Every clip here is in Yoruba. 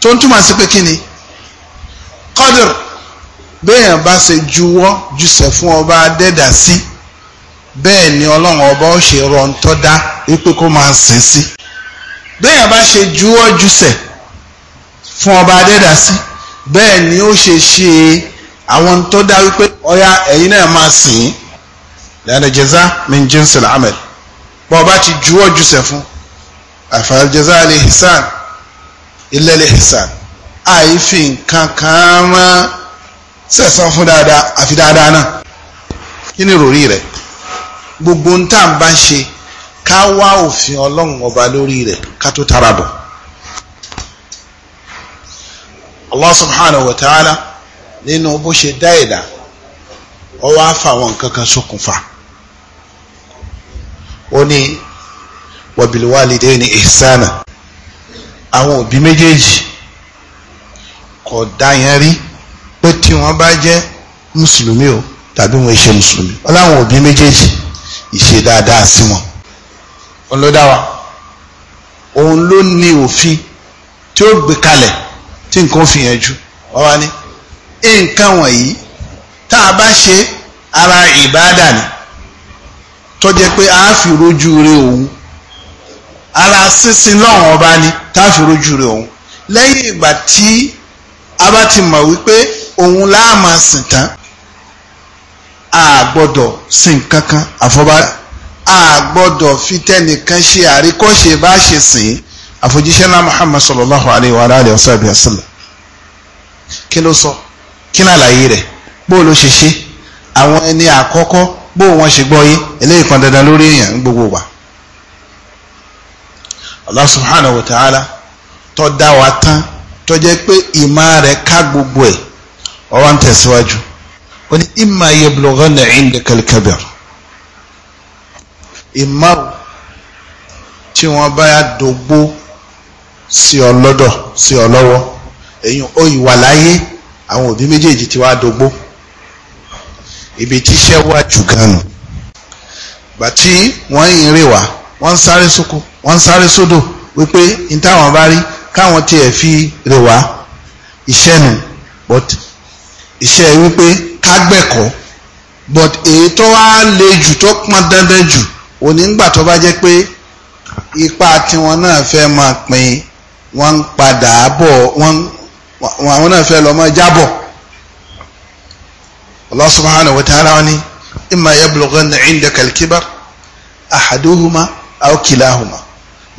tó ń túmọ̀ sí pé kí ni kọ́dìr béèyàn bá ṣe juwọ́ jùṣẹ̀ fún ọba adẹ́dà sí bẹ́ẹ̀ ni ọlọ́run ọba ó ṣe rọ ntọ́ dá wípé kó máa sìn sí béèyàn bá ṣe juwọ́ jùṣẹ̀ fún ọba adẹ́dà sí bẹ́ẹ̀ ni ó ṣe ṣe àwọn tó dá wípé ọya ẹ̀yin náà máa sìn ín lẹ́nu jẹ́zá min jinsil amal bọ́ọ̀ bá ti juwọ́ jùṣẹ̀ fún àfàlẹ́ jẹ́zá alẹ́ hisan ilẹ̀lẹ̀ ẹ̀sán àìfi nǹkan kan rán sẹ̀sán fún dáadáa àfi dáadáa náà kí ni ìròrí rẹ̀ gbogbo ń tà ń bá ṣe ká wá òfin ọlọ́run ọba lórí rẹ̀ ká tó tara bọ̀. Allah subhanahu wa ta'ala nínú bó ṣe dá ẹ̀dá ó wá fàwọn nǹkan kan ṣokùnfà ó ní wa bil walidayni ihsana àwọn òbí méjèèjì kò dá yẹn rí pé tí wọ́n bá jẹ́ mùsùlùmí o tàbí wọn ṣe mùsùlùmí ọláwọn òbí méjèèjì ìṣe dáadáa sí wọn. òun ló dá wa òun ló ní òfin tí ó gbé kalẹ̀ tí nǹkan fi yẹn ju wọ́n wá ní nǹkan wọ̀nyí tá a bá ṣe ara ìbáàdà ni tó pé a fi rojú re òun ara sísin lọ́wọ́n ọba ni táàfin rojú rẹ̀ òun lẹ́yìn ìgbà tí a bá ti mọ̀ wípé òun láà máa sìn tán a gbọ́dọ̀ sìn kankan àfọba a gbọ́dọ̀ fi tẹ́nìkan ṣe àríkọ́ṣe bá ṣe sìn àfojúṣẹ́ náà Muhammad sallallahu alayhi wa alayhi wa sallam sallam kí ló sọ kí ní àlàyé rẹ̀ bó ló ṣe ṣe àwọn ẹni àkọ́kọ́ bó wọn ṣe gbọ́ yé eléyìí kan dandan lórí èèyàn gbogbo wa. Allah subhanahu wa ta'ala tó dá wa tán tó jẹ́ pé ìmọ̀ rẹ̀ ká gbogbo ẹ̀ ọwọ́ ń tẹ̀síwájú ó ní imma yablughanna indaka al-kibar ìmọ̀ tí wọ́n bá dògbó sí ọ lọ́dọ̀ sí ọ èyàn ó ìwà láyé àwọn òbí méjèèjì ti wá dògbó ibi tíṣẹ́ wà jù gan nù gbàtí wọ́n ń rè wá wọ́n ń sáré sóko wọ́n ń sáré sódò wípé n táwọn bá rí káwọn tiẹ̀ fi rè wá iṣẹ́ nu but iṣẹ́ wípé kágbẹ̀kọ́ but èyí tó wá le jù tó pọn dandan jù onígbà tó bá jẹ́ pé ipa tiwọn náà fẹ́ máa pín wọ́n ń padà bọ̀ wọ́n àwọn náà fẹ́ lọ máa jábọ̀ Allah subhanahu wa ta'ala ni imma yablughanna indaka al-kibar ahaduhuma aw kilahuma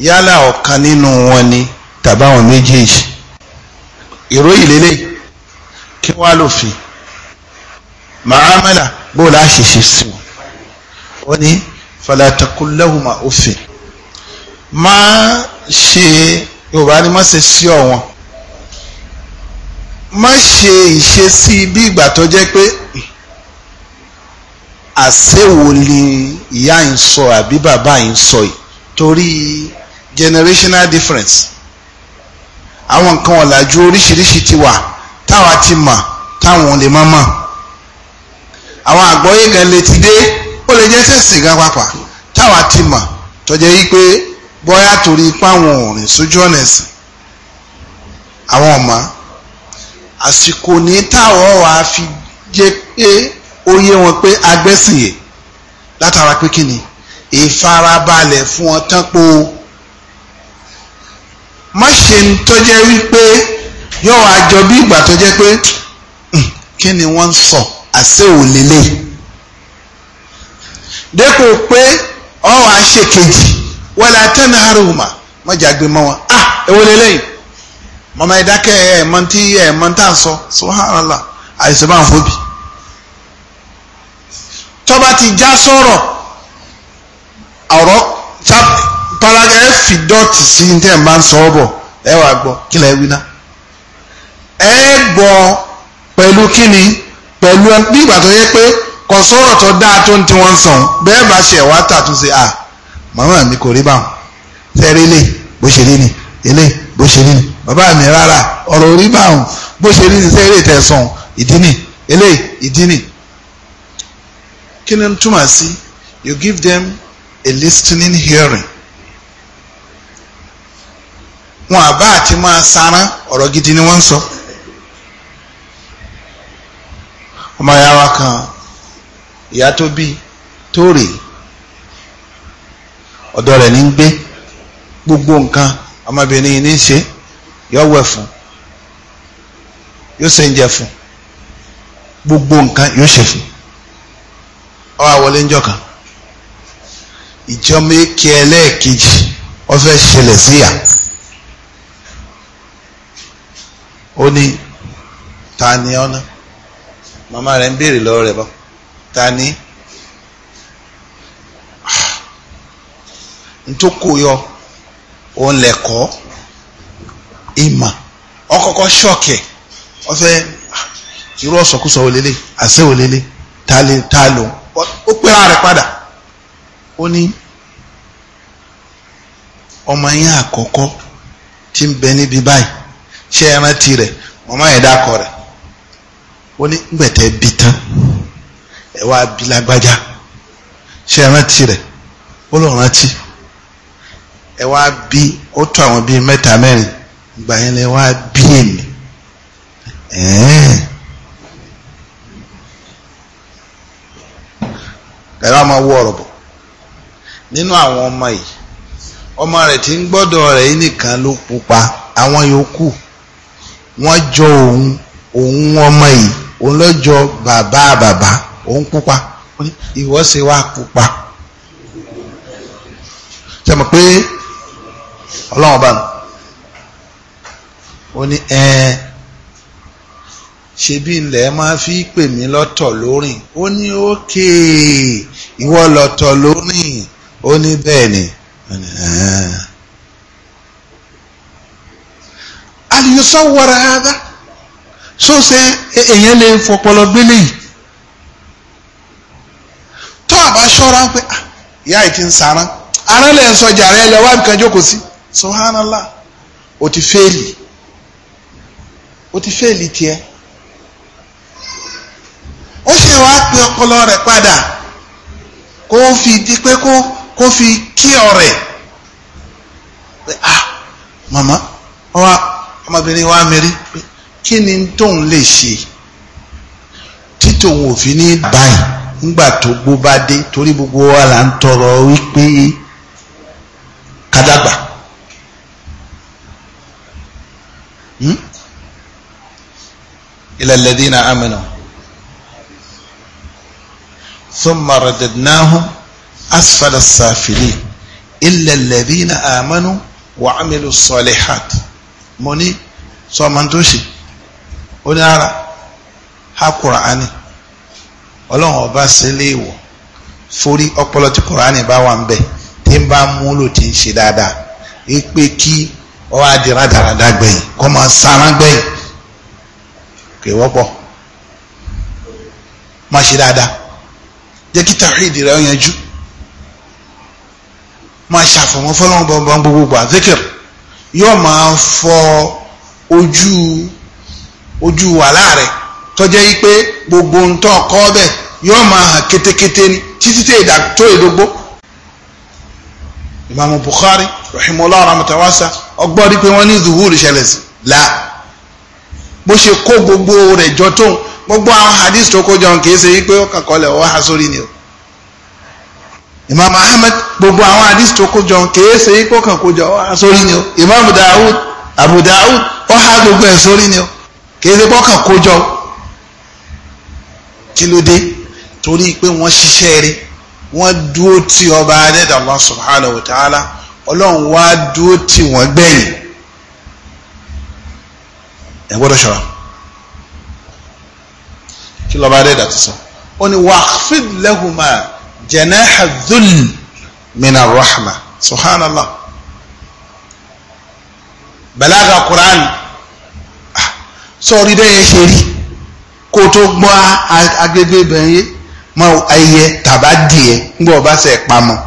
yálà ọ̀kan nínú wọn ni tàbáwọn méjèèjì ìròyìn lélẹ̀ kí wá lòfin màámàlà bó la ṣe ṣe sí wọn ó ní falatakùlẹ́hùmá òfin máa ṣe yorùbá ni má ṣe sí ọ̀wọ́n má ṣe ìṣesí bí ìgbà tó jẹ́ pé àṣewò ni ìyá yìí ń sọ àbí bàbá yìí ń sọ yìí torí generational difference àwọn nǹkan ọ̀làjú oríṣiríṣi ti wà táwa ti mọ̀ táwọn lè má mọ̀ àwọn àgbọ́yé gan lè ti dé ó lè jẹ́ sẹ́sìn gan pàápàá táwa ti mọ̀ tọ́jẹ́ yí pé bọ́yá torí páwọn òrìn sójú ọ̀nà ẹ̀sìn àwọn ọ̀mọ́ àsìkò ní táwọn wàá fi jẹ́ pé ó yé wọn pé agbẹ́sìn yìí látara pé kí ni ìfarabalẹ̀ fún wọn tán po má ṣe ń tọ́jẹ́ wípé yóò wá jọ bí ìgbà tó jẹ́ pé hmm, kí ni wọ́n ń sọ àṣẹ ò lélẹ̀ dépò pé ọ̀hún àṣekejì wọlé atẹ́nahàrùmá mọ́jàgbé mọ́ wọn ah èwo lélẹ́yìn mọ́mọ́ ẹ̀dákẹ́ ẹ̀ mọ́ntí ẹ̀ mọ́ntà sọ subhanallah àìsàn bá ń fò bíi tọ́ba ti já sọ̀rọ̀ ọ̀rọ̀ paragraph ẹ fi dọ́ọ̀tì sí ní tẹ́ ẹ̀ máa ń sọ ọ́ bọ̀ ẹ wàá gbọ́ kí lẹ́ wí ná. ẹ gbọ́ pẹ̀lú kíni pẹ̀lú bí ìgbà tó yẹ pé kò sọ̀rọ̀ tó dáa tó ń tí wọ́n sàn bẹ́ẹ̀ bá ṣe ẹ̀wá tàtúnṣe à màmá mi kò rí báwọn fẹ́ẹ́ rí lè bó ṣe rí ni ilé bó ṣe rí ni bàbá mi rárá ọ̀rọ̀ orí báwọn bó ṣe rí ni sẹ́ẹ̀rì tẹ̀sán ìdí ni ilé ìdí ni kí ni túmọ̀ sí you give them a listening hearing wọn àbá àti máa sáárán ọ̀rọ̀ gidi ni wọ́n ń sọ ọmọ ìyá wa kan ìyá tó bí tó rèé rẹ̀ ní ń gbé gbogbo nǹkan ọmọbìnrin yìí ní ṣe yọ wẹ̀ fún yóò ṣe ń jẹ fún gbogbo nǹkan yóò ṣe fún ọwọ́ àwọlé ńjọ kan ìjọba èké ẹlẹ́ẹ̀kejì wọ́n fẹ́ ṣẹlẹ̀ síyà ó ní ta ni ọ́nà màmá rẹ̀ ń béèrè lọ́wọ́ rẹ̀ bọ́ ta ni ntoko yọ òun lẹ̀kọ́ ìmọ̀ ọkọ̀kọ̀ ṣọ́ọ̀kì ọ̀fẹ́ ah, irú ọ̀sọ̀kúsọ̀ òlélẹ̀ àṣẹ òlélẹ̀ ta ló ó pera rẹ̀ padà ó ní ọmọ yín àkọ́kọ́ tí ń bẹ níbi báyìí ṣé ẹ rántí rẹ̀ màmá yẹn dákọ rẹ̀ ó ní gbẹ̀tẹ̀ bí tán ẹ wá bí lágbájá ṣé ẹ rántí rẹ̀ ó lọ rántí ẹ wá bí ó tó àwọn bíi mẹ́ta mẹ́rin ìgbà lẹ wá bí èmi ẹ̀rọ máa wọ ọ̀rọ̀ bọ̀ nínú àwọn ọmọ yìí ọmọ rẹ̀ ti ń gbọ́dọ̀ rẹ̀ yìí nìkan ló pupa àwọn yòókù wọ́n jọ òun òun ọmọ yìí òun ló jọ bàbá bàbá òun pupa ṣe wá pupa ṣe mọ̀ pé ọlọ́run ó ṣebí ilẹ̀ máa fi pè mí lọ́tọ̀ lórìn ó ní ókè ìwọ lọ́tọ̀ lórìn ó ní bẹ́ẹ̀ ni. alìyọsọ wọra ara sóṣe èèyàn lè fọpọlọ gbélé yìí tó àbá ṣọ́ra pé ah, ìyá yìí ti ń sàrán ara lè sọ jàre ẹ wá nǹkan jókòó sí subhanallah o ti fẹ́ẹ̀lì o ti fẹ́ẹ̀lì tiẹ̀ ó ṣe wá pin ọpọlọ rẹ̀ padà kó fi di pé kó kó fi kí ọ̀rẹ́ pé ah màmá ọwọ́ ọmọbìnrin wa mẹ́rí pé kí ni tóun lè ṣe tí tòun fi ní báyìí nígbà tó gbó bá dé torí gbogbo wa là ń tọrọ wípé kádàgbà. Hmm? إلى الذين ثم رددناهم أسفل السافلين إلا الذين آمنوا وعملوا الصالحات mo ní sọmọntòsì ó ní ara ha kùránì ọlọ́run ọba sílé ìwọ̀ forí ọpọlọ tí kùránì bá wà ń bẹ̀ tí ń bá múlò tí ń ṣe dáadáa ipe kí ọwọ́ adìrà dáradá gbẹ̀yìn kọ́ máa sáran gbẹ̀yìn kò wọ́pọ̀ máa ṣe dáadáa jẹ́ kí tàwíìdì rẹ̀ yanjú máa ṣàfọ̀mọ́ fọlọ́run bọ̀m̀bọ̀n gbogbo àzékèrè yóò máa fọ ojú ojú wàhálà rẹ̀ tọ́jẹ́ yí pé gbogbo ń tọ́ ọkọ́ bẹ̀ yóò máa hàn kétékété ni títí tí èdè tó èdógbó imaamu Bukhari rahimahullah rahmatawasa ọgbọ́n rí pé wọ́n ní zuhur ṣẹlẹ̀ sí la bó ṣe kó gbogbo rẹ̀ jọ tóun gbogbo àwọn hadith tó kó jọ kì í ṣe wípé ó kàkọlẹ̀ ọwọ́ ha sórí ni o imam ahmed gbogbo àwọn hadith tó kó jọ kì í ṣe wípé ó kàn kó jọ ọwọ́ ha sórí ni o imam daoud abu daoud ó ha gbogbo ẹ̀ sórí ni o kì ṣe pé ó jọ kí ló dé torí pé wọ́n ṣiṣẹ́ rí wọ́n dúró tí ọba adẹ́dà subhanahu wa ta'ala ọlọ́run wá dúró tí wọ́n gbẹ̀yìn ẹ gbọ́dọ̀ ṣọ́ra. kí lọ́ba adé dàtú sọ ó ní wàhfid lẹ́hùnmá jẹ̀nẹ́hà mina rahma subhanallah balaga quran ah, sọ̀rí bẹ́ẹ̀ ṣe rí kó tó gbọ́ agbègbè bẹ̀yẹ mọ tàbá dìẹ ńgbọ́ ọba ṣe pamọ́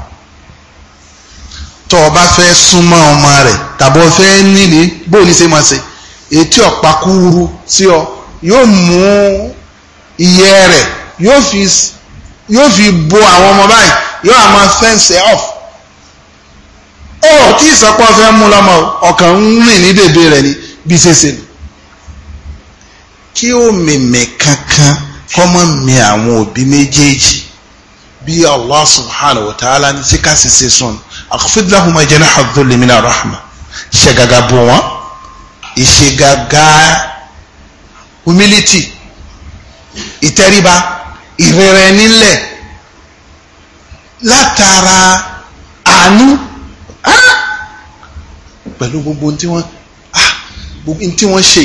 tọ́ ọba fẹ́ súnmọ́ ọmọ rẹ̀ tàbọ̀ fẹ́ nílé bóun ní ṣe máa ṣe sí ọ yóò mú ìyẹ́ rẹ̀ yóò fi yóò fi bo àwọn ọmọ báyìí yóò á fẹ́ǹsì off ó tí ìsọpọ̀ fẹ́ mú lọ́mọ ọ̀kàn ń rìn ní dèdè rẹ̀ ni bí ṣeṣe ni kí ó mèmè kankan kọ́mọ́ mi àwọn òbí méjèèjì bí Allah subhanahu wa ta'ala ní sí ká ṣe sùn akhfid lahuma janaha dhulli mina rahma ṣẹ̀gàgà bò wọ́n ìṣègàgà humility ìtẹríba ìrẹ̀rẹ̀ nílẹ̀ látara àánú pẹ̀lú gbogbo tí wọ́n gbogbo tí wọ́n ṣe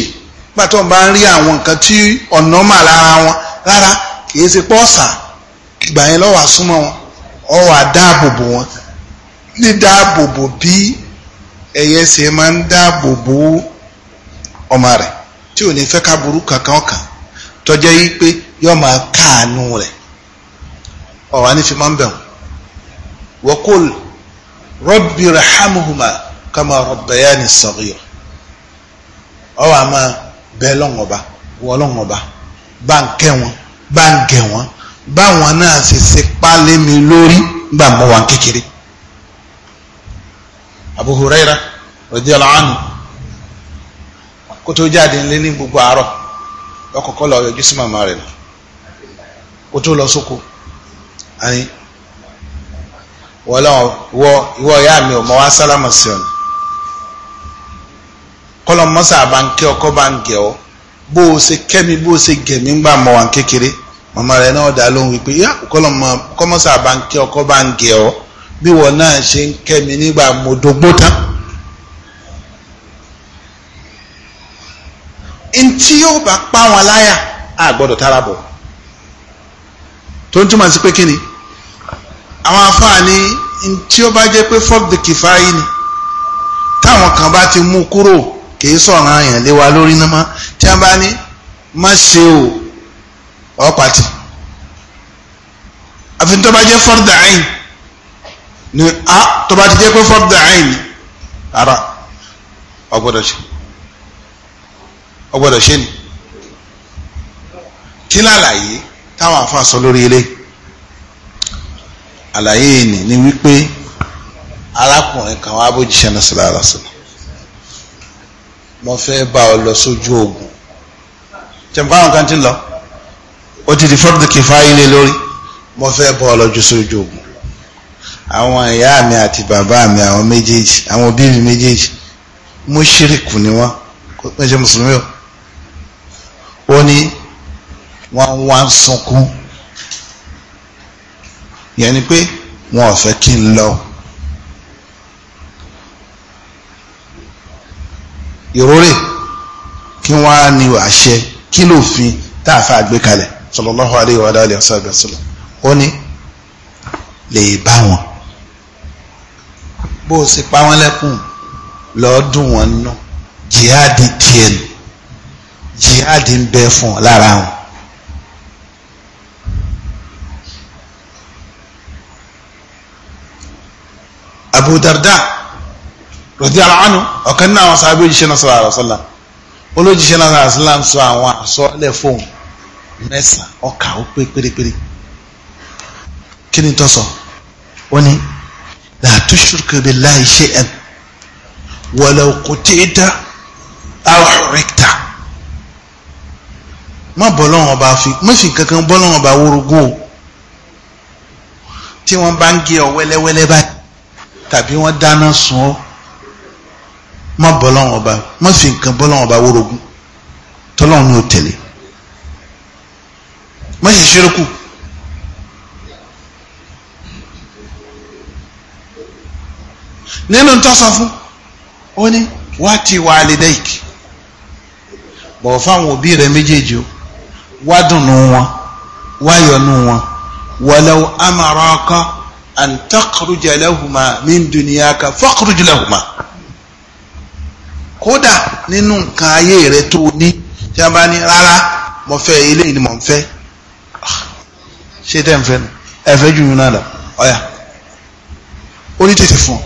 gbàtọ́ bá ń rí àwọn nǹkan tí ọ̀nà mà lára wọn rárá kìí ṣe pọ́ọ̀sà ìgbà yẹn lọ́wọ́ àsúnmọ́ wọn ọwọ́ àdáàbòbò wọn ní dáàbòbò bí ẹyẹ ṣe máa ń dáàbòbò ọmọ rẹ̀ tí ò ní fẹ́ ká burú kankan kan. kan tọ́jẹ́ yí pé ma máa káàánú rẹ̀ ọ̀wá ní fi máa ń bẹ̀rù wọ́kùl kama rabbayani saghira ọ̀wá máa bẹ́ẹ̀ lọ́wọ́ba wọ́lọ́wọ́ba bá ń kẹ́ wọn bá wọn báwọn náà ṣe mi lórí gbà mọ́ wọn kékeré jáde ńlẹ́ lọ́kọ̀ọ́kọ́ lọ yọjú sí màmá rẹ̀ nù kó tó lọ sóko àní wọ́lọ́n wọ ìwọ ìyá mi ò mọ wá sálámà sí ọ̀nà kọ́lọ̀ mọ́sà bá ń kẹ́ ọkọ́ bá ń gẹ̀ ọ́ bó o ṣe kẹ́mi bó o ṣe gẹ̀mí ń gbà mọ́ wà kékeré màmá rẹ̀ náà dá lóhùn wípé yá kọ́lọ̀ mọ́sà bá ń kẹ́ ọkọ́ bá ń gẹ̀ ọ́ bí wọ́n náà ṣe ń kẹ́mi nígbà mo dógbó tán. tí yóò bá pa wọn láyà a gbọ́dọ̀ tara bọ̀ tó ń túmọ̀ sí pé kíni àwọn afáàní tí ó bá jẹ́ pé fọ́ọ̀k the kìfáyì ni táwọn kan bá ti mú kúrò kìí sọ̀rọ̀ àyàn lé wa lórí náà tí wọ́n bá ní má ṣe o ọ̀pàtì àfi tó bá jẹ́ fọ́ọ̀k the ain ni a tó bá ti jẹ́ pé fọ́ọ̀k the ain ni ara ọgbọ́dọ̀ ṣe ọgbọ́dọ̀ ṣe ni kí lálàyé táwọn afa sọ lórí ilé àlàyé ni ni wípé arákùnrin kan wá bójúṣe náà sílá lásìlá mo fẹ́ bá ọ lọ sójú ogun tẹ̀m̀pá àwọn kan ti lọ ó ti di fọ́dù kìfà ilé lórí mo fẹ́ bá ọ lọ sójú ogun àwọn ìyá mi àti bàbá mi àwọn méjèèjì àwọn òbí mi méjèèjì mùṣírikù ni wọ́n kò pẹ́ mùsùlùmí o ó ní wọ́n wá ń sunkún yẹn ni pé wọn ò fẹ́ kí n lọ. ìrórè kí wọ́n á ní àṣẹ kí lófin tá a fà gbé kalẹ̀ sallallahu alayhi wa alihi ó ní lè bá wọn bó o sì pa wọn lẹ́kùn lọ́ọ́ dùn wọn nù jihadi tiẹ̀ nù jihad ń bẹ fún ọ lára wọn. Abu Darda radiyallahu anhu ọ̀kan náà àwọn sábẹ́ òjíṣẹ́ náà sallallahu alaihi wasallam olójíṣẹ́ náà sallallahu alaihi wasallam sọ àwọn àsọlẹ̀ fóun mẹ́sàn-án ọkà ó pé pérépéré kí ni tó sọ ó ní la tushrik billahi shay'an walau qutita aw hurrikta má bọ́lọ́wọ́n bá fi mẹ́fì kankan bọ́lọ́wọ́n bá wórogó o tí wọ́n bá ń gé ọ wẹ́lẹ́wẹ́lẹ́ báyìí tàbí wọ́n dáná sun ọ́ má bọ́lọ́wọ́n bá mẹ́fì nǹkan bọ́lọ́wọ́n bá wórogó tọ́lọ́wọ́n ni ó tẹ̀lé mẹ́fì ṣerékù. nínú tó sọ fún ó ní wá ti wà lédèkì bọ̀ fáwọn òbí rẹ méjèèjì o wá dùnnú wọn wá yọ́nú wọn walau amaraka an takhruja lahuma min dunyaka fakhruj lahuma kódà nínú nǹkan ayé rẹ tó ní tí a bá ní rárá mo fẹ́ eléyìí ni mo ń fẹ́ ah, ṣé tẹ́ ń fẹ́ nu ẹ fẹ́ jù mí náà lọ ọ̀yà ó ní tètè fún ọ.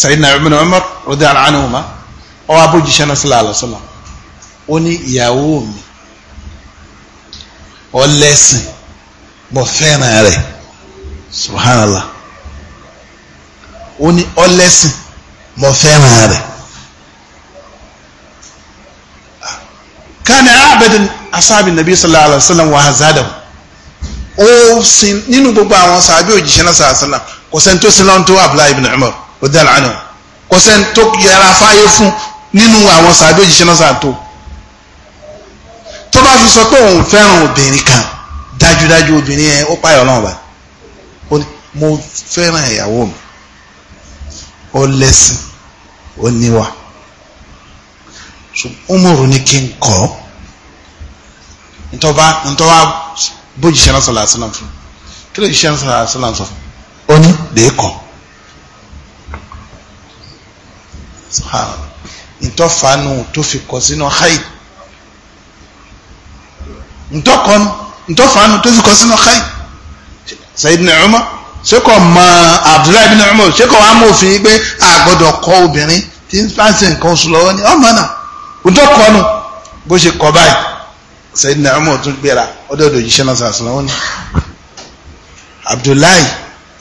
Sayyidina Ibn Umar radiyallahu anhuma ọwọ́ abójúṣẹ́ náà sallallahu alaihi wasallam ó ní ìyàwó mi ọlẹ́sìn bọ́ fẹ́ràn rẹ̀ subhanallah ó ní ọlẹ́sìn bọ́ fẹ́ràn rẹ̀ kánà abẹ́dùn asábì nàbí sallallahu alaihi wasallam wà hazadahu ó sin nínú gbogbo àwọn sàbí òjìṣẹ́ náà sallallahu alaihi kò sẹ́ni tó sin lọ́n abdullahi ibn umar radiyallahu anhu kò sẹ́ni tó yẹra fáyé fún nínú àwọn sàbí òjìṣẹ́ náà sàtó bá fi sọ pé òun fẹ́ràn obìnrin kan dájúdájú obìnrin yẹn ó páyọ̀ ọlọ́run bá ó ní mo fẹ́ràn ìyàwó mi ó lẹ́sìn ó níwà Umaru ní kí n kọ́ ntọ́ba ntọ́ba bójú ṣe lọ́sọ̀lá àṣìlá fún kí ló ṣe lọ́sọ̀lá àṣìlá fún ó ní lè kọ́ ntọ́fanu tó fi kọ́ sínú haid ntọ́kọ́nu ntọ́fàánu tó fi kọ́ sínú káyì Sayyidina Umar ṣékọ̀ mọ Abdullahi bin Umar ṣékọ̀ wàá mú òfin pé àgbọ̀dọ̀ kọ́ obìnrin tí ń pàṣẹ nǹkan oṣù lọ́wọ́ ni ọmọ náà ntọ́kọ́nu bó ṣe kọ́ báyìí Sayyidina Umar tún gbéra ọdọọdọ òjíṣẹ́ náà sàṣẹ lọ́wọ́ ni Abdullahi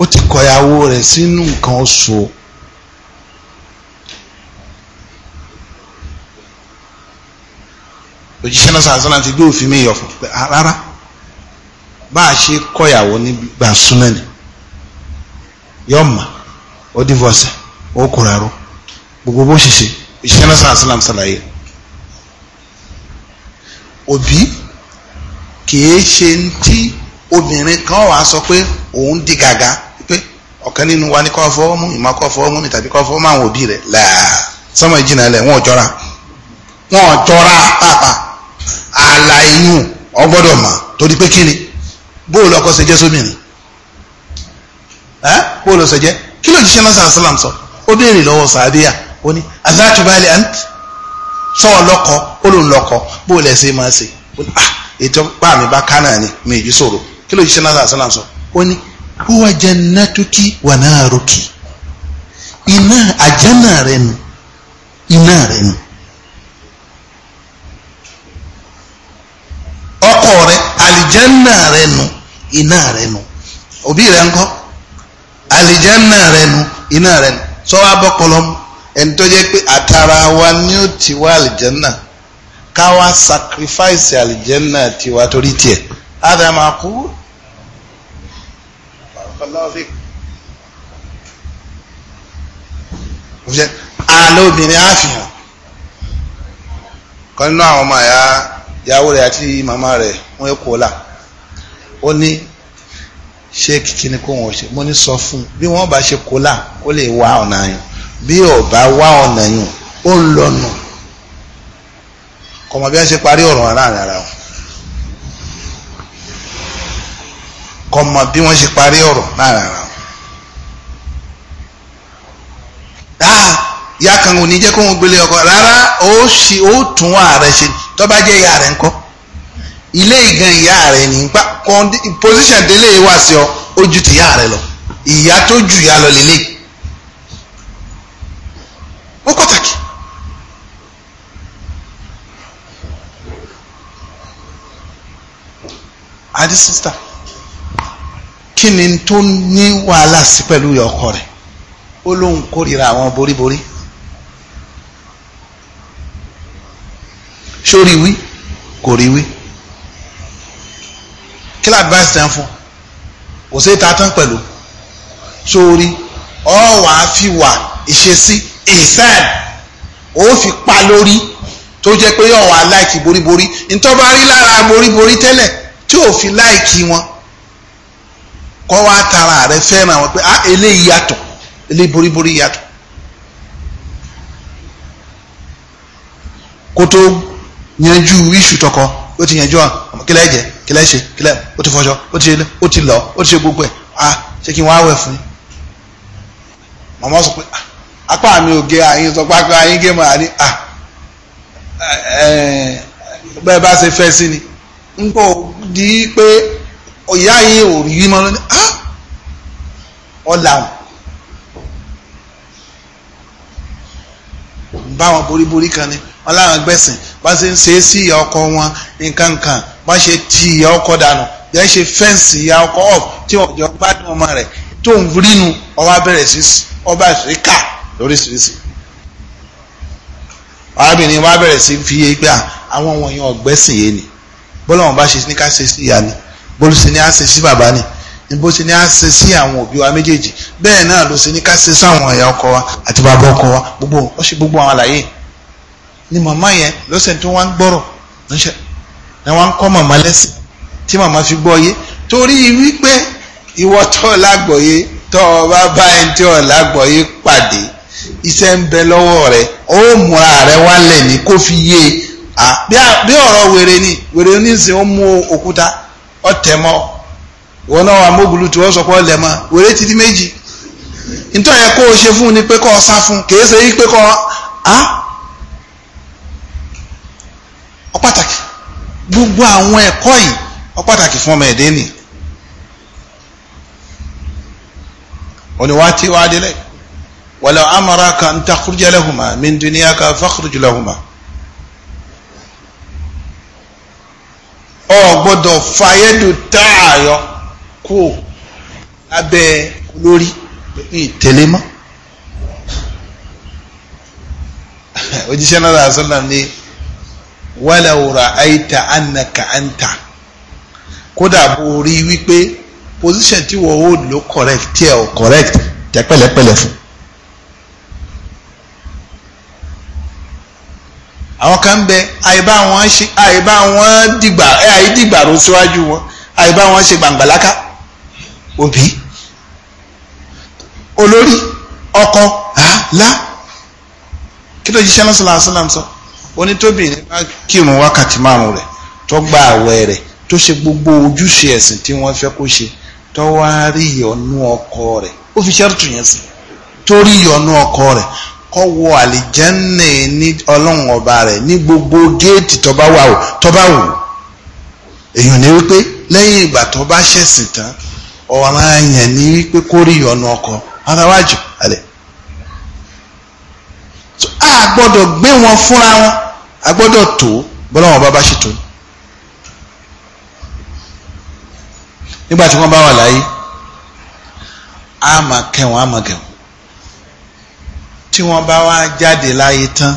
o ti kọ̀yàwó rẹ̀ sinu nǹkan oṣù o. òjíṣẹ́ náà sàásánà ti gbé òfin mi fún pé ah, rárá bá a ṣe kọ́yàwó nígbà ni ó divorce ó kóra gbogbo bó ṣe òjíṣẹ́ náà sàásánà ṣàlàyé òbí kìí ṣe tí obìnrin kan sọ pé òun di gàgà pé ọ̀kan nínú wa kọ́ fọwọ́ mú ìmọ̀ kọ́ fọwọ́ mú ni tàbí kọ́ fọwọ́ mú àwọn òbí rẹ̀ láà sọmọ ìjìnlẹ̀ wọn ò jọra wọn ò jọra ala inú ọgbọ́dọ̀ mọ̀ pé kíni bóòlù ọkọ̀ ṣe jẹ́ sómìnrin bóòlù ṣe jẹ́ kí ló jíṣẹ́ náà sàlám sọ ó béèrè lọ́wọ́ sàábíyà ó ní azátúbálẹ̀ ant sọ ọlọ́kọ olùlọ́kọ bóòlù ẹ̀ṣẹ̀ máa ṣe ah, ètò bá ni mi ìjú sòrò kí ló jíṣẹ́ náà sọ ó ní ọkọ rẹ alijanna rẹ nu iná rẹ nu òbí rẹ alijanna rẹ nu iná rẹ ẹni tó jẹ pé àtàrà wa ni ó ti wá alijanna sacrifice alijanna torí máa kú. ìyàwó rẹ̀ àti màmá rẹ̀ wọ́n kọ́ la ó ní ṣé kíkíní kó wọn ṣe mo ní sọ fún un bí wọ́n bá ṣe kó la ó lè wá ọ̀nà yẹn bí ò bá wá ọ̀nà yẹn ó ń lọ́nà kọ̀mọ̀ bí wọ́n ṣe parí ọ̀rọ̀ láàrin ara wọn kọ̀mọ̀ ah, bí wọ́n ṣe parí ọ̀rọ̀ láàrin ara wọn. yá kan ò ní jẹ́ kó wọn gbélé ọkọ rárá ó tún ààrẹ ṣe tọ́ba jẹ́ ìyá rẹ̀ ńkọ́ ilé ìgan ìyá rẹ̀ ní pa position délé wà sí ọ ó ju ti ìyá rẹ̀ lọ ìyá tó ju ìyá lọ lélẹ̀ ó pàtàkì. adi sista kí ni tó ní wàhálà sí pẹ̀lú ọkọ rẹ̀ ó lóun kórìíra àwọn boríborí. sórí wí kò rí wí kí ló advice tẹ́ ń fún kò sí ta tán pẹ̀lú sórí ọ wà á fi wà ìṣesí ìsẹ́ẹ̀d ó fi pa lórí tó jẹ́ pé yóò wà láìkì boríborí ntọ́ba rí lára boríborí tẹ́lẹ̀ tí ò fi láìkì wọn kọ́ wa tara rẹ̀ fẹ́ràn wọn pé ah eléyìí yàtọ̀ eléyìí boríborí yàtọ̀ kótó yanjú iṣu tọkọ ó ti yanjú ọmọ kílẹ̀ ẹ̀jẹ̀ kílẹ̀ ṣe kílẹ̀ ó ti fọṣọ ó ti ṣe ó ti lọ ó ti ṣe gbogbo ẹ̀ a ṣé kí wọ́n á wẹ̀ fún yín màmá sọ pé apá mi ò gé àyín sọ pé apá àyín gé màá ní à bẹ́ẹ̀ bá ṣe fẹ́ sí ni n kò di pé ìyá yín ò rí mọ́ lónìí à ọ làwọn báwọn boríborí kan ni wọn láwọn gbẹ̀sìn bá ṣe ń ṣe sí ìyá ọkọ wọn nǹkankan bá ṣe ti ìyá ọkọ dànù bí wọ́n ṣe fẹ́ǹsì ìyá ọkọ ọ̀f tí ọjọ́ gbádùn ọmọ rẹ̀ tó ń rínú ọba bẹ̀rẹ̀ sí ọba ìfíríkà lóríṣiríṣi arábìnrin wa bẹ̀rẹ̀ sí fi yé pé àwọn wọ̀nyẹn ọ̀gbẹ́sìn yé ni bọ́lá wọn bá ṣe ní ká ṣe sí ìyá ni bọ́lá ṣe ní á ṣe sí bàbá ni bó ṣe ní á ṣe sí àwọn òbí wa méjèèjì bẹ́ẹ̀ náà ló ṣe ní ká ṣe sáwọn ẹ̀yà ọkọ wa àti bàbá ọkọ wa gbogbo ọṣẹ gbogbo àwọn àlàyé ni mama yẹn lọ́sẹ̀ tó wá ń gbọ́rọ̀ ránṣẹ́ ni wọ́n ń kọ́ màmá lẹ́sìn tí màmá fi gbọ́ yé torí wípé ìwọ tó lágbọ̀yé tó o bá bá ẹni tí o lágbọ̀yé pàdé iṣẹ́ ń bẹ lọ́wọ́ rẹ ó múra rẹ wálẹ̀ ní kó fi yé bí ọ̀rọ̀ wèrè ni wèrè oníṣẹ́ ó mú òkúta ọ̀tẹ̀ mọ́ ìwọ náà wà mógùlù tí wọ́n sọ pé ọ̀lẹ̀ mọ́ wèrè ti di méjì nítorí ẹ kó o ṣe fún un ni pé kó o sá fún kì í ṣe yí pé kó o á. ọ pàtàkì gbogbo àwọn ẹ̀kọ́ yìí ọ fún ọmọ ẹ̀dẹ́ nì tí wàá délẹ̀ amara ka n ta kúrújẹ mi n dunia ka fakurujù lẹhùnmá ọ gbọ́dọ̀ fàyẹdù tààyọ kó abẹ lórí ìtẹlẹ mọ náà ni. walau ra'aita annaka anta kódà bó rí wípé position tí wọ́n hold ló correct tí ẹ ò correct jẹ́ pẹ̀lẹ́pẹ̀lẹ́ fún. àwọn kan bẹ àìbá wọn ṣe àìbá wọn dìgbà ẹ àìdìgbà ro síwájú wọn àìbá wọn ṣe gbàǹgbàlákà òbí olórí ọkọ àlá kí ló jíṣẹ́ lọ́sọ̀lá àṣàlám onítòbìnrin bá kírun wákàtí márùn rẹ̀ tó gba àwẹ̀ rẹ̀ tó ṣe gbogbo ojúṣe ẹ̀sìn tí wọ́n fẹ́ kó ṣe tó wá rí ìyọnú ọkọ rẹ̀ ó fi ṣẹ́rùtù yẹn sí torí ìyọnú ọkọ rẹ̀ kọ́ wọ àlìjẹ́nì ní ọlọ́run ọba rẹ̀ ní gbogbo géètì tó bá wà ó tó bá wù èèyàn ní wípé lẹ́yìn ìgbà tó bá ṣẹ̀sìn tán ọ̀ràn yẹn ní wípé kórìí ọ̀nà ọkọ ara wájú alẹ́ a gbọ́dọ̀ gbé wọn fúnra wọn a gbọ́dọ̀ tó bọ́lá wọn bá bá ṣètò nígbà tí wọ́n bá wà láyé a máa kẹwọn a máa kẹwọn tí wọ́n bá wá jáde láyé tán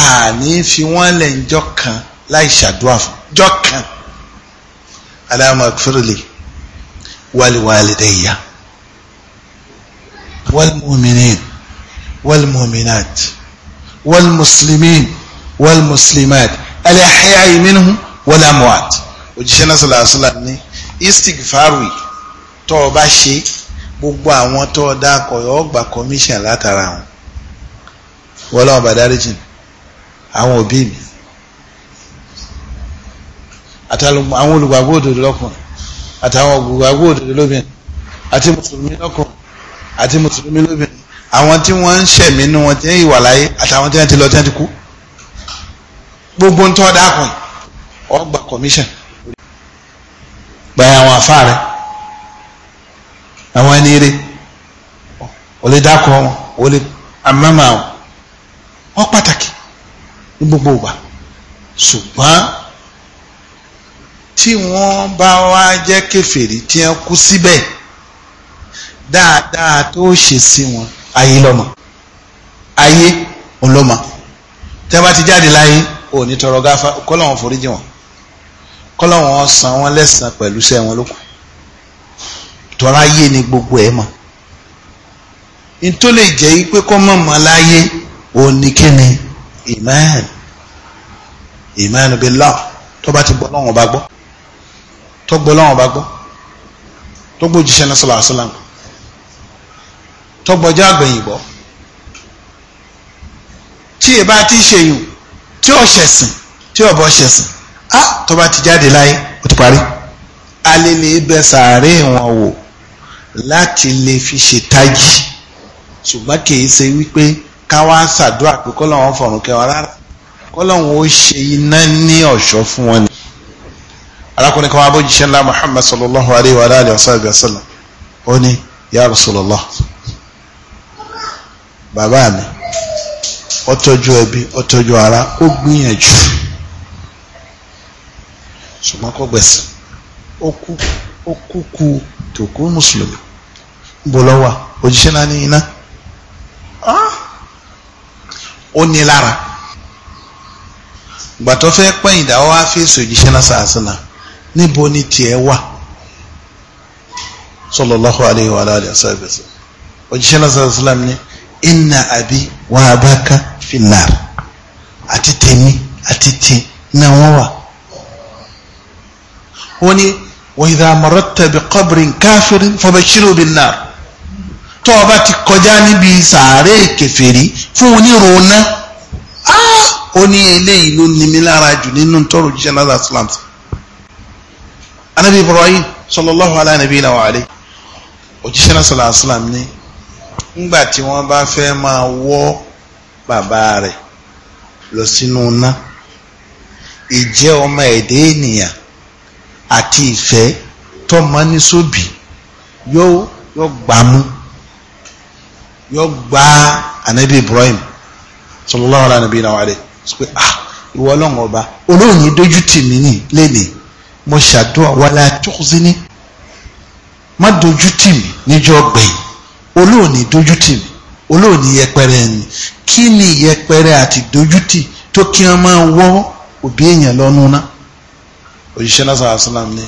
a ní fi wọ́n lẹ̀ ń kan láì ṣàdúrà fún jọ́ kan aláàmà fúrúlẹ̀ wàlíwàlídẹ̀yà wal mu'minin. والمؤمنات والمسلمين والمسلمات الأحياء منهم والاموات òjíṣẹ́ náà الله عليه وسلم istigfaru tó o bá ṣe gbogbo àwọn tó o dákọ̀ yọ ọgbà commission látara wọn wọ́n lọ́wọ́ bá dáríjì àwọn òbí mi àtàwọn olùgbàgbọ́ òdòdó lọ́kùnrin àtàwọn olùgbàgbọ́ òdòdó lóbìnrin àti mùsùlùmí lọ́kùnrin àti mùsùlùmí lóbìnrin àwọn tí wọ́n ń ṣẹ̀mí nu wọn tí ń ìwà láyé àtàwọn tí wọ́n ti lọ tí wọ́n ti kú gbogbo ń tọ́ dákun ọgbà commission gbàyà àwọn àfa rẹ àwọn ẹni rẹ ò lè dákun wọn ò lè àmàmà wọn wọn pàtàkì ní gbogbo ìgbà ṣùgbọ́n tí wọ́n bá wá jẹ́ kèfèrí tí wọ́n kú síbẹ̀ dáadáa tó ṣe sí wọn ayé lọ́mọ ayé ọlọ́mọ tẹ́ bá ti jáde láyé ò ní tọrọ gáfá kọ́lọ́wọ́n foríjì wọn kọ́lọ́wọ́n san wọn lẹ́sàn pẹ̀lú sẹ́ wọn lókun tọ́ra ayé ni gbogbo ẹ̀ mọ̀ ntó lè jẹ́ pé kọ́ mọ̀ mọ́ láyé oníkíni iman iman billah tó bá ti gbọ́ lọ́wọ́n bá gbọ́ tó gbọ́ lọ́wọ́n bá gbọ́ tó gbójúṣẹ́ náà sallallahu alaihi wasallam tọgbọjá àgbẹ̀yìnbọ̀ tí ẹ bá ti ṣe yùn tí ó ṣẹ̀sìn tí ó bọ́ ṣẹ̀sìn á tó bá ti jáde láyé ó ti parí alẹ́ lè bẹ sàárẹ̀ wọn wò láti lè fi ṣe tají ṣùgbọ́n kìí ṣe wípé káwá ṣàdúrà pé kọ́lọ́wọ́n fọ̀rùn kẹwàá rárá kọ́lọ́wọ́n ó ṣe iná ní ọ̀ṣọ́ fún wọn ni arákùnrin kan wá bójúṣẹ́ ńlá Muhammad sallallahu alayhi wa sallam ó ní ya Rasulullah bàbá mi ọ tọ́jú ẹbí ọ ara ó gbìyànjú ṣùgbọ́n kò gbẹ̀sìn ó kú ó kú ku tòkú mùsùlùmí ń bọ̀ lọ́wọ́ òjíṣẹ́ náà ní iná ah! ó ní lára gbàtọ́ fẹ́ pẹ́yìn dáwọ́ wá ni tiẹ̀ wa náà inna abi wa abaka finar àti tèmi àti tè náà wọ́n wà. ó ní wa idha marratta bi qabrin kafirin fabashiru bin nar tó o bá ti kọjá níbi sàárè kèfèrí fún onírúurú ah! ó ní eléyìí ló ní mi lára jù nínú tọrọ jíjẹ náà islam anabi ibrahim sallallahu alayhi wa alayhi òjíṣẹ́ náà sallallahu alayhi wa ńgbà tí wọ́n bá fẹ́ máa wọ́ bàbá rẹ̀ lọ sínú iná ìjẹ́ ọmọ ẹ̀dá ènìyàn àti ìfẹ́ tọ́mọ ní sóbì yóò yóò gbámú yóò gbá anabi Ibrahim sallallahu alaihi nabi náà wàlẹ̀ sọ pé ah ìwọ ọlọ́run ọba olóòyìn dójú tì mí nì lẹ́nìí mo ṣàdúrà wàlá tukhzini má dójú tì mí níjọ́ gbẹ̀yìn olóòní dójútì ni olóòní yẹpẹrẹ ni kí ni yẹpẹrẹ àti dójútì tó kí wọn máa wọ òbí èèyàn lọ́nu ná òjíṣẹ́ lásán asalaam ni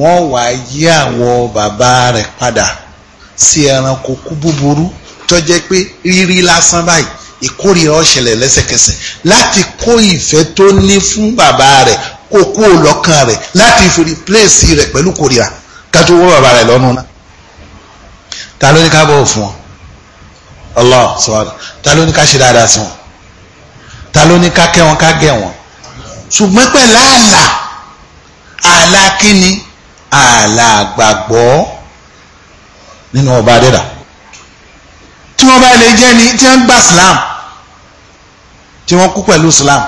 wọ́n wá yí àwọ̀ bàbá rẹ̀ padà sí ẹranko kú búburú tó jẹ́ pé rírí lásán báyìí ìkórìíra ó ṣẹlẹ̀ lẹ́sẹ̀kẹsẹ̀ láti kó ìfẹ́ tó ní fún bàbá rẹ̀ kó kó lọ́kàn rẹ̀ láti fi replace rẹ̀ pẹ̀lú kórìíra ká tó bàbá rẹ̀ lọ́nu náà ta ló ní ká bọ̀wọ̀ fún wọn Allah sọ̀rọ̀ ta ló ní ká ṣe dáadáa sí wọn ta ló ní ká kẹ́ wọn ká gẹ̀ wọn ṣùgbọ́n pẹ̀lú ààlà ààlà kíni ààlà àgbàgbọ́ nínú ọba adẹ́dà tí wọ́n bá lè jẹ́ ni tí wọ́n gba Islam tí wọ́n kú pẹ̀lú Islam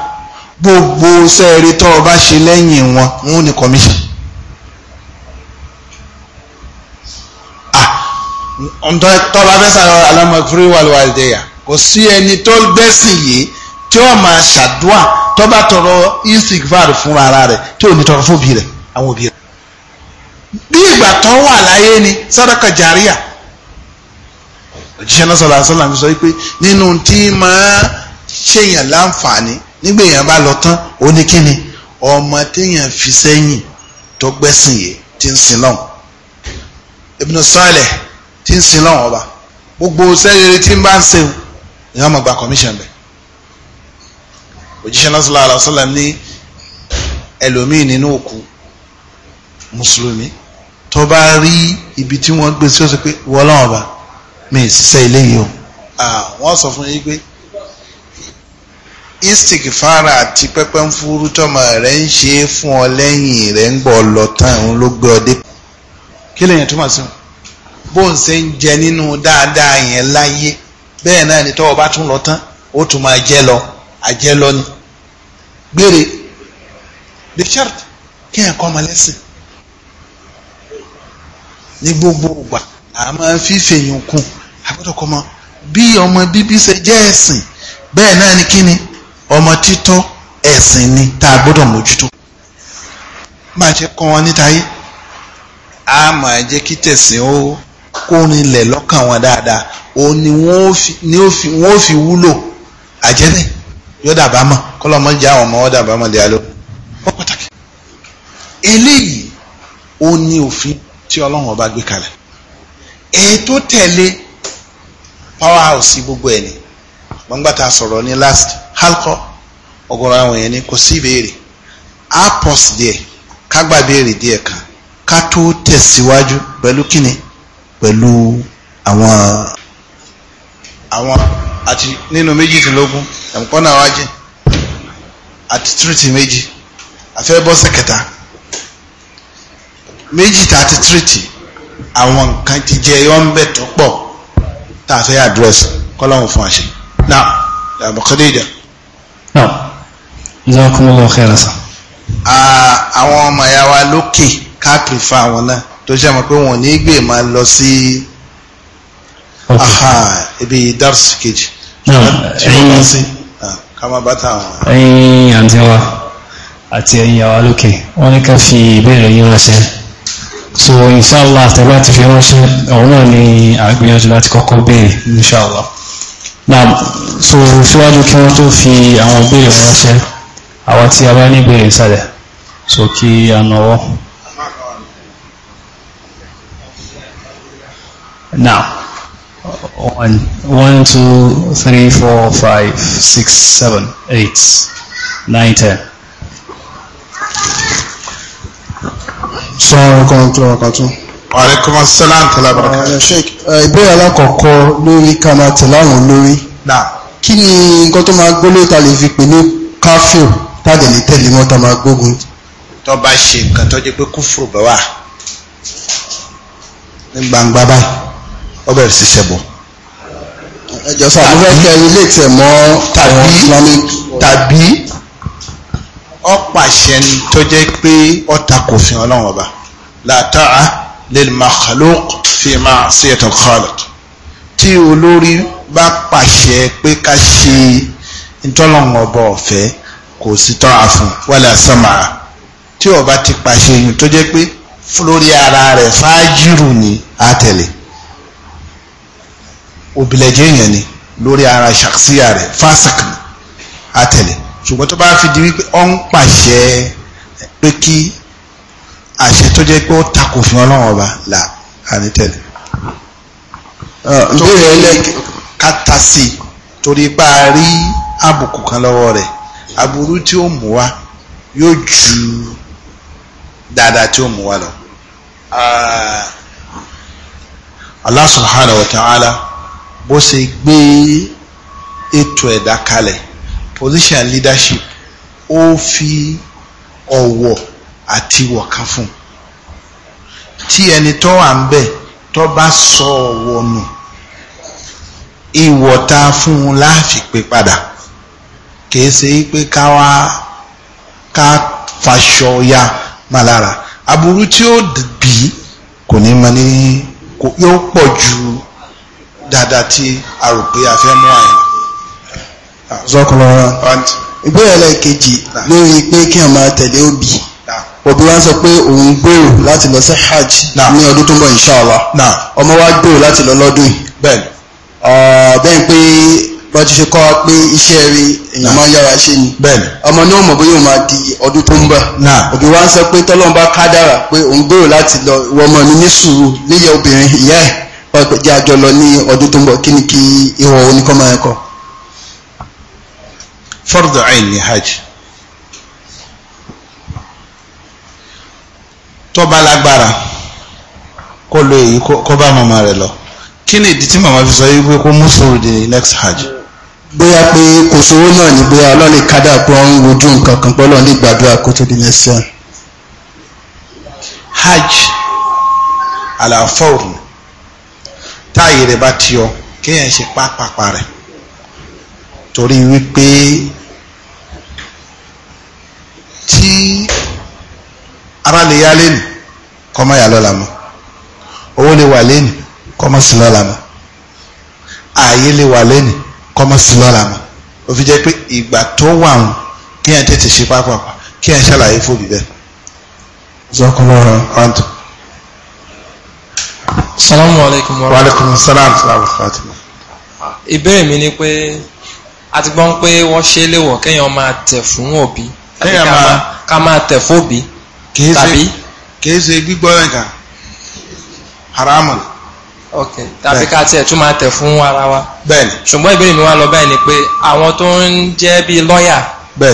gbogbo sẹ́ẹ̀rí tọ́ ọba ṣe lẹ́yìn wọn wọn ò ní commission tọ́ba fẹ́ sàrọ̀ alámọ̀kúrí wàlúwàlùdẹ́yà kò sí ẹni tó gbẹ́sìn yìí tí ó máa ṣàdúà tọ́ba tọrọ isigvar fún ara rẹ̀ tí ò ní tọrọ fún òbí rẹ̀ àwọn òbí rẹ̀. bí ìgbà tó wà láyé ni sàdákà jàríà òjíṣẹ́ náà sọ̀rọ̀ àṣọlá mi sọ pé nínú tí máa ṣèyàn láǹfààní nígbà èèyàn bá lọ tán ó ní kíni ọmọ téèyàn fi sẹ́yìn tó gbẹ́sìn yìí ti ń sin lọ́hùn. Ibn Salih tí ń sin lọ́wọ́ ọba gbogbo sẹ́yẹrẹ tí ń bá ń sẹ́wọ̀n ìyá ọmọ gba commission bẹ̀ òjíṣẹ́ náà sallallahu alaihi wasallam ní ẹlòmíì nínú òkú mùsùlùmí tó bá rí ibi tí wọ́n gbé sí ó pé wọ́n lọ́wọ́ ọba mi ì ṣiṣẹ́ ilé yìí o wọ́n sọ fún yín pé istikfara àti pẹ́pẹ́ ń fúrú tọ́mọ rẹ̀ ń ṣe fún ọ lẹ́yìn rẹ̀ ń gbọ́ lọ tán òun ló gbé ọ dé kí lèyìn túmọ̀ sí wọn bó ń ṣe ń jẹ nínú dáadáa yẹn láyé bẹ́ẹ̀ náà ni tọ́wọ́ bá tún lọ tán ó tún máa jẹ lọ àjẹ lọ ni gbére the church kí ẹ̀ kọ́ ọmọ lẹ́sìn ní gbogbo ìgbà a máa fi fèyàn kún àgbẹ̀dọ̀ kọ́ ọmọ bí ọmọ bíbí ṣe jẹ́ ẹ̀sìn bẹ́ẹ̀ náà ni kíni ọmọ títọ́ ẹ̀sìn ni tá a gbọ́dọ̀ mójútó máa ṣe kọ́ wọn níta yé a máa jẹ́ kí tẹ̀sìn ó kó rinlẹ̀ lọ́kàn wọn dáadáa òun ni wọ́n ó fi wúlò àjẹ́bẹ̀ yóò dàbá mọ̀ kọ́lọ́mọ jẹ́ àwọn ọmọ wọn dàbá mọ̀ lẹ́yà ló wọ́n pàtàkì. eléyìí ó ní òfin tí ọlọ́run ọba gbé kalẹ̀ ètò tẹ̀lé power house gbogbo ẹ̀ ni gbọ́ngbàtà sọ̀rọ̀ ní last halkọ́ ọgọ́rọ̀ àwọn yẹn ni kò sí ìbéèrè a pause díẹ̀ ká gbà béèrè díẹ̀ kan ká tó tẹ̀síwájú pẹ̀lú kíni pẹ̀lú àwọn àwọn àti nínú méjìdínlógún ẹ̀mùkọ́nà wájì àti tírìtì méjì àfẹ́ bọ́ sẹ̀kẹta méjì tá àti tírìtì àwọn nǹkan ti jẹ yọ ń bẹ̀ tó pọ̀ tá a fẹ́ àdírẹ́sì kọ́láwọn fún àṣẹ náà làbọ̀kọ́dé ìjà. náà ìjọba kúnlọ́ọ̀ kẹrẹsà. àwọn ọmọ ìyá wa lókè ká pèfà àwọn náà tó ṣe àmọ́ pé wọ́n ní gbé e máa lọ sí ibi darsu kejì tí wọ́n bá sí ká máa bá tàwọn. ẹ̀yin àǹtí wa àti ẹ̀yin àwa lókè wọ́n ní ká fi ìbéèrè yín ránṣẹ́ so inshallah tẹ́lá ti fi ránṣẹ́ ọ̀hún náà ni àgbéyànjú láti kọ́kọ́ béèrè inshallah naam so síwájú kí wọ́n tó fi àwọn béèrè ránṣẹ́ àwa tí a bá ní béèrè sálẹ̀ so kí a náwó. Now, one, one, two, three, four, five, six, seven, eight, nine, ten. Sọ́run kan tó ọkọ̀ tó. Wàlékún Asálàm tẹ̀lé Bàrà. Ìbéèrè alákọ̀ọ́kọ́ lórí ká máa tẹ̀lé àwọn olórí. Kí ni nǹkan tó máa gbólé ta lè fi pè ní káfíò tàbí lè tẹ̀lé mọ́ ta máa gbógun? Tó bá ṣe nǹkan tó jẹ́ pé kúfùrù bá wà ní gbangba báyìí ó bẹ̀rẹ̀ sí ṣẹbọ. ẹjọ sọ àbúrò ẹkẹ ilé tẹ mọ tàbí tàbí ó pàṣẹ ni tó jẹ́ pé ó ta kò fi Ọlọ́run ọba la ta'a lil makhluq fi ma'siyati al-khaliq tí olórí bá pàṣẹ pé ká ṣe ntọ́lọ́run ọba ọ̀fẹ́ kò sí tọ́ àfún wala sam'a tí ọba ti pàṣẹ yìí tó jẹ́ pé lórí ara rẹ̀ fáájìrù ni àtẹ̀lé. òbílẹ̀jẹ́ ni lórí ara ṣàkísíyà rẹ̀ fásik àtẹ̀lẹ̀ ṣùgbọ́n tó bá fi di wípé ọ́n pàṣẹ pé kí àṣẹ tó jẹ́ pé ó takò fún ọlọ́run ọba là tẹ̀lé. Ah, ìbéèrè kàtà sí torí a rí àbùkù kan lọ́wọ́ rẹ̀ aburú tí bó ṣe gbé ètò ẹ̀dá kalẹ̀ position leadership ó fi ọ̀wọ̀ àti wọ̀ká fún tí ẹni tó wà ń bẹ̀ tó bá sọ ọ̀wọ̀ nù ìwọ̀ta fún un láàfin pé padà kìí ṣe pé ká wá ká faṣọ ya máa lára aburú tí ó bì kò ní mọ ní yóò pọ̀ ju Dada tí a rò pé a fẹ́ mú àyàn. zọkọlọra ìbéèrè lẹ́ẹ̀kejì lórí pé kí n máa tẹ̀lé òbí òbí wa sọ pé òun gbèrò láti lọ sí hajj ní ọdún tó ń bọ̀ inṣàlá ọmọ wa gbèrò láti lọ lọ́dún yìí bẹ́ẹ̀ pé pé iṣẹ́ rí èèyàn máa ṣe ni ọmọ bóyá òun máa di ọdún tó ń bọ̀ òbí wa ń sọ pé láti lọ ọmọ mi ní sùúrù níyẹ jẹ́ àjọ lọ ní ọdún tó ń bọ̀ kí ni kí ìwọ̀ oníkọ́ máa kọ́. fardu ain ni hajj tó bá lágbára kó lo èyí kó bá màmá rẹ̀ lọ kí ni ìdí tí màmá fi sọ yìí kó mú sùúrù di next hajj. bóyá pé kò sówó náà ní bóyá ọlọ́run kádà pé wọ́n ń wojú nǹkan kan pé ọlọ́run gbàdúrà kó tó di next hajj. hajj àlàfo táàyè rẹ̀ bá ti ọ kéèyàn ṣe pápápá rẹ̀ torí wípé tí ara lè yá lẹ́nu kọ́mọ yà lọ́la mọ́ owó lè wà lẹ́nu kọ́mọ sí lọ́la mọ́ ààyè lè wà lẹ́nu kọ́mọ sí lọ́la mọ́ ó fi jẹ́ pé ìgbà tó wà wọn kéèyàn tètè ṣe pápápá kéèyàn ṣàlàyé fún mi bẹ́ẹ̀. zọkùnrin ọ̀rọ̀ ọ̀dùn salamu alaikum. wa alaikum salam salam fatima. ìbéèrè mi ni pé a ti gbọ́n pé wọ́n ṣe léwọ̀ kéèyàn máa tẹ̀ fún òbí ká máa tẹ̀ fóbi tàbí. kìí gbígbọ́ nìkan haramu. ok tàbí ká tiẹ̀ tún máa tẹ̀ fún ara wa. bẹ́ẹ̀ni. ṣùgbọ́n ìbéèrè mi wá lọ báyìí ni pé àwọn tó ń jẹ́ bíi lọ́ọ̀yà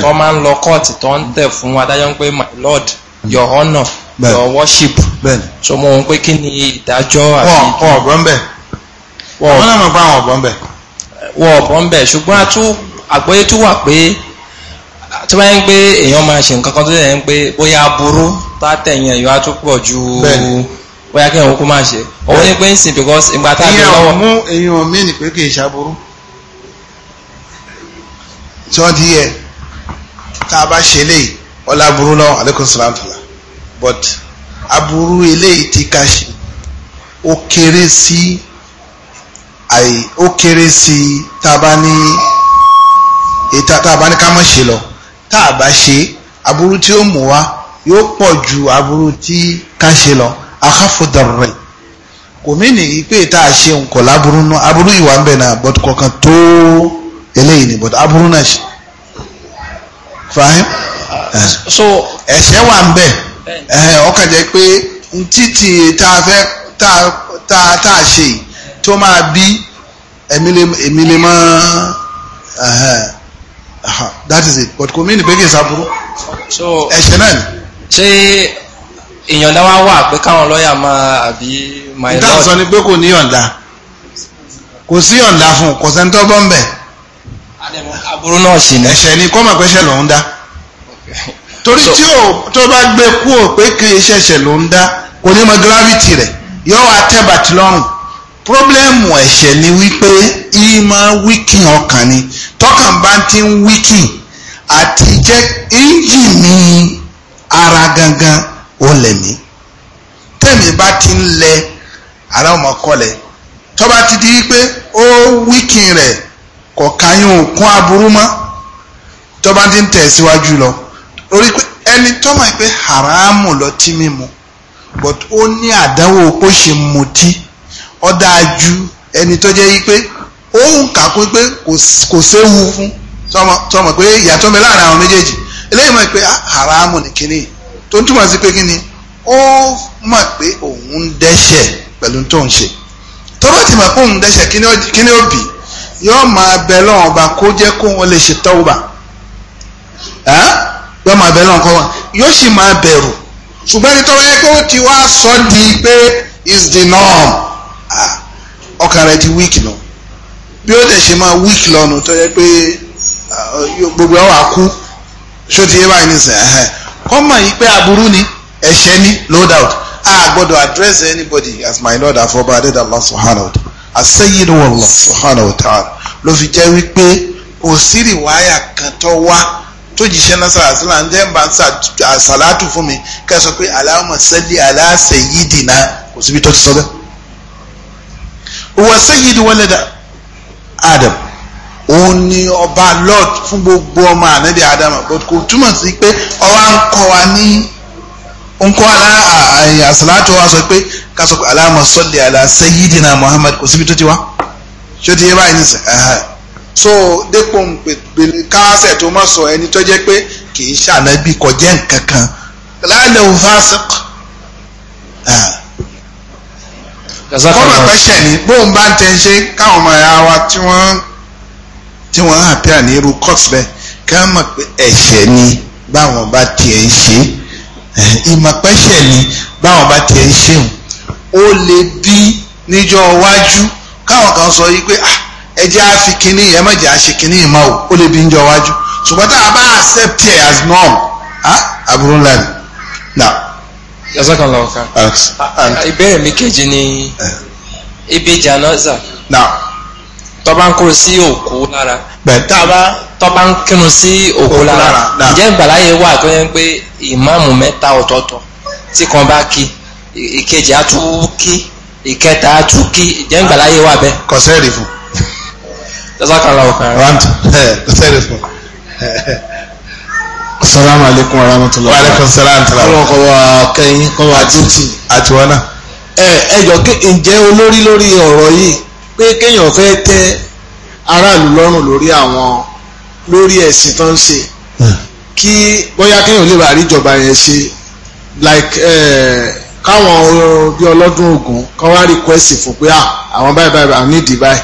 wọ́n máa ń lọ kóòtù tó ń tẹ̀ fún adájọ́ pé my lord your honour your worship so mo wọn pé kí ni ìdájọ́ àti ìdájọ́. wọn ọ̀bọ̀n bẹ̀ wọn náà mọ̀ pé àwọn ọ̀bọ̀n bẹ̀. wọn ọ̀bọ̀n bẹ̀ ṣùgbọ́n àgbọ́yé tún wà pé tí wọ́n ń pé èèyàn máa ṣe nǹkan kan tó yẹ ń pé bóyá aburú bá tẹ̀yìn ẹ̀yọ́ á pọ̀ ju bóyá kí ẹ̀hún kó máa ṣe òun ní pé ń sìn because ìgbà tá a lè lọ́wọ́. èèyàn mú èèyàn mí ni pé kì í ṣàbúrú tí wọ́n ti yẹ tá a bá ṣe léyìí ọlá burú lọ́wọ́ aleykum salaam tala but aburu eléyìí ti ká ṣe ó kéré sí àì ó kéré sí tábà ní ètò tábà ní ká mọ̀ ṣe lọ tá a bá ṣe aburú tí ó mú wa yóò pọ̀ ju aburu tí ká ṣe lọ akhafu darri kò mí nìyí pé tá a ṣe nǹkan láburú náà aburu ìwà ń bẹ̀ náà but kankan tó eléyìí ni but aburu náà ṣe fahim so Ese wà ń bẹ̀ ọkàn jẹ́ pé títì tá a fẹ́ tá a tá a ṣe tó máa bí èmi lè mọ́ that is it but kò mí ní pé kí n sábúrú ẹ̀ṣẹ̀ náà ni. ṣé ìyọ̀ǹda wa wà pé káwọn lọ́ọ̀yà máa àbí my lord. nítorí sọ ni pé kò ní yọ̀ǹda kò sí yọ̀ǹda fún kò sẹ́ńtọ́ bọ́m̀bẹ̀. àbúrò náà sì ni. ẹ̀ṣẹ̀ ni kọ́mọ̀ pẹ́ṣẹ̀ lòún dá torí tí o tó bá gbé kú ò pé kì í ṣẹ̀ṣẹ̀ ló ń dá kò ní mọ gravity rẹ̀ yóò wá tẹ́bàtì lọ́rùn pírọ́blẹ́mù ẹ̀ṣẹ̀ ni wípé ìmọ̀ wíkìn ọkàn ni tọkàn bá ti ń wíkìn àti jẹ́ ẹ́ńjìnì ara gangan ó lẹ̀mí tẹ̀mí bá ti ń lẹ ara ọmọ kọlẹ̀ tó ti di wípé ó wíkìn rẹ̀ kọ̀ọ̀kan yóò kún aburú mọ́ tó ti ń tẹ̀síwájú lọ. orí pé ẹni tó mọ̀ pé haramu but ó ní àdánwò ó ṣe mutí ó dáa ju ẹni tó jẹ́ yí pé òun kà kún pé kò séwu fún sọmọ pé ìyàtọ̀ mi láàrin àwọn méjèèjì eléyìí mọ̀ pé ah, haramu ní kíní tó ń túmọ̀ sí pé kíní ó mọ̀ pé òun ń dẹ́ṣẹ̀ pẹ̀lú ti mọ̀ pé òun ń ó bì yóò máa bẹ yóò máa bẹ̀rù ọkọ wa yóò sì máa bẹ̀rù ṣùgbọ́n ẹni tó wáyé pé ti wá sọ di pé is the norm ọkàn rẹ ti weak lọ bí ó dẹ̀ ṣe máa weak lọ́nu tó yẹ pé gbogbo ẹ̀ wà kú ṣó ti yé báyìí nísìnyí kọ́mọ̀ yìí pé aburú ni ẹ̀ṣẹ̀ ni no doubt a gbọ́dọ̀ address anybody as my lord afọba adéda allah subhanahu wa ta'ala asẹ́yìn wọ̀lọ̀ subhanahu wa ta'ala ló fi jẹ́ wípé òsì rìwáyà kan tó wá tó jíṣẹ́ náà sàrà sílà ń dẹ́ ń bá sàlátù fún mi kẹsàn pé Allahumma salli ala sayyidina kò síbi tó ti sọ bẹ́ẹ̀. huwa sayyidu walada Adam òun ni ọba lord fún gbogbo ọmọ ànábì Adam but kò túmọ̀ sí pé ọba ń kọ́ wa ní ń kọ́ àsàlátù wa sọ pé kásọ̀ pé Allahumma salli ala sayyidina Muhammad kò síbi tó ti wá ṣé o ti yé báyìí nísìnyí so dépò pèpèlè káásẹ̀ tó mọ̀ sọ ẹni tó jẹ́ pé kì í ṣànábì kọjá nǹkan kan lálẹ́ òun fásitì kọ́mọ̀ pẹ́ṣẹ̀ ni bóun bá ń tẹ́ ṣe káwọn ọmọ ẹ̀yà wa tí wọ́n tí wọ́n àpíà ní irú court bẹ́ẹ̀ kí wọ́n mọ̀ pé ẹ̀ṣẹ̀ ni báwọn bá tiẹ̀ ń ṣe ìmọ̀ ni báwọn bá tiẹ̀ ń ṣe ó lè bí níjọ́ iwájú káwọn kan sọ yìí pé ah ẹ jẹ́ á fi kínní ẹ má jẹ́ á ṣe kínní ìmọ̀ o ó lè bí jọ wájú ṣùgbọ́n tá a bá accept it as norm aburú ńlá ni. yasakanla ọ̀ka ìbéèrè mi kejì ni ibi janaza Na, bá ń kúrò sí òkú lára tó bá ń kírun sí òkú lára ǹjẹ́ ìgbàláyé wà tó yẹ pé ìmáàmù mẹ́ta ọ̀tọ̀ọ̀tọ̀ tí kan bá kí ìkejì á tún kí ìkẹta á tún kí ǹjẹ́ ìgbàláyé wà fún jazakallahu khairan wa antum the serious one. salaamu aleykum wa rahmatulah. wa aleykum salaam tala. kọ́lọ́ kọ́ wa kẹ́yìn kọ́ wa jẹ́tì. àti wọn náà. ẹ ẹ jọ ǹjẹ́ olórí lórí ọ̀rọ̀ yìí pé kéèyàn fẹ́ tẹ́ aráàlú lọ́rùn lórí àwọn lórí ẹ̀sìn tó ń ṣe hmm. kí bóyá kéèyàn lè bá àríjọba yẹn ṣe like káwọn bí ọlọ́dún ogun kan wá request fún pé ah, àwọn báyìí báyìí àwọn nídìí báyìí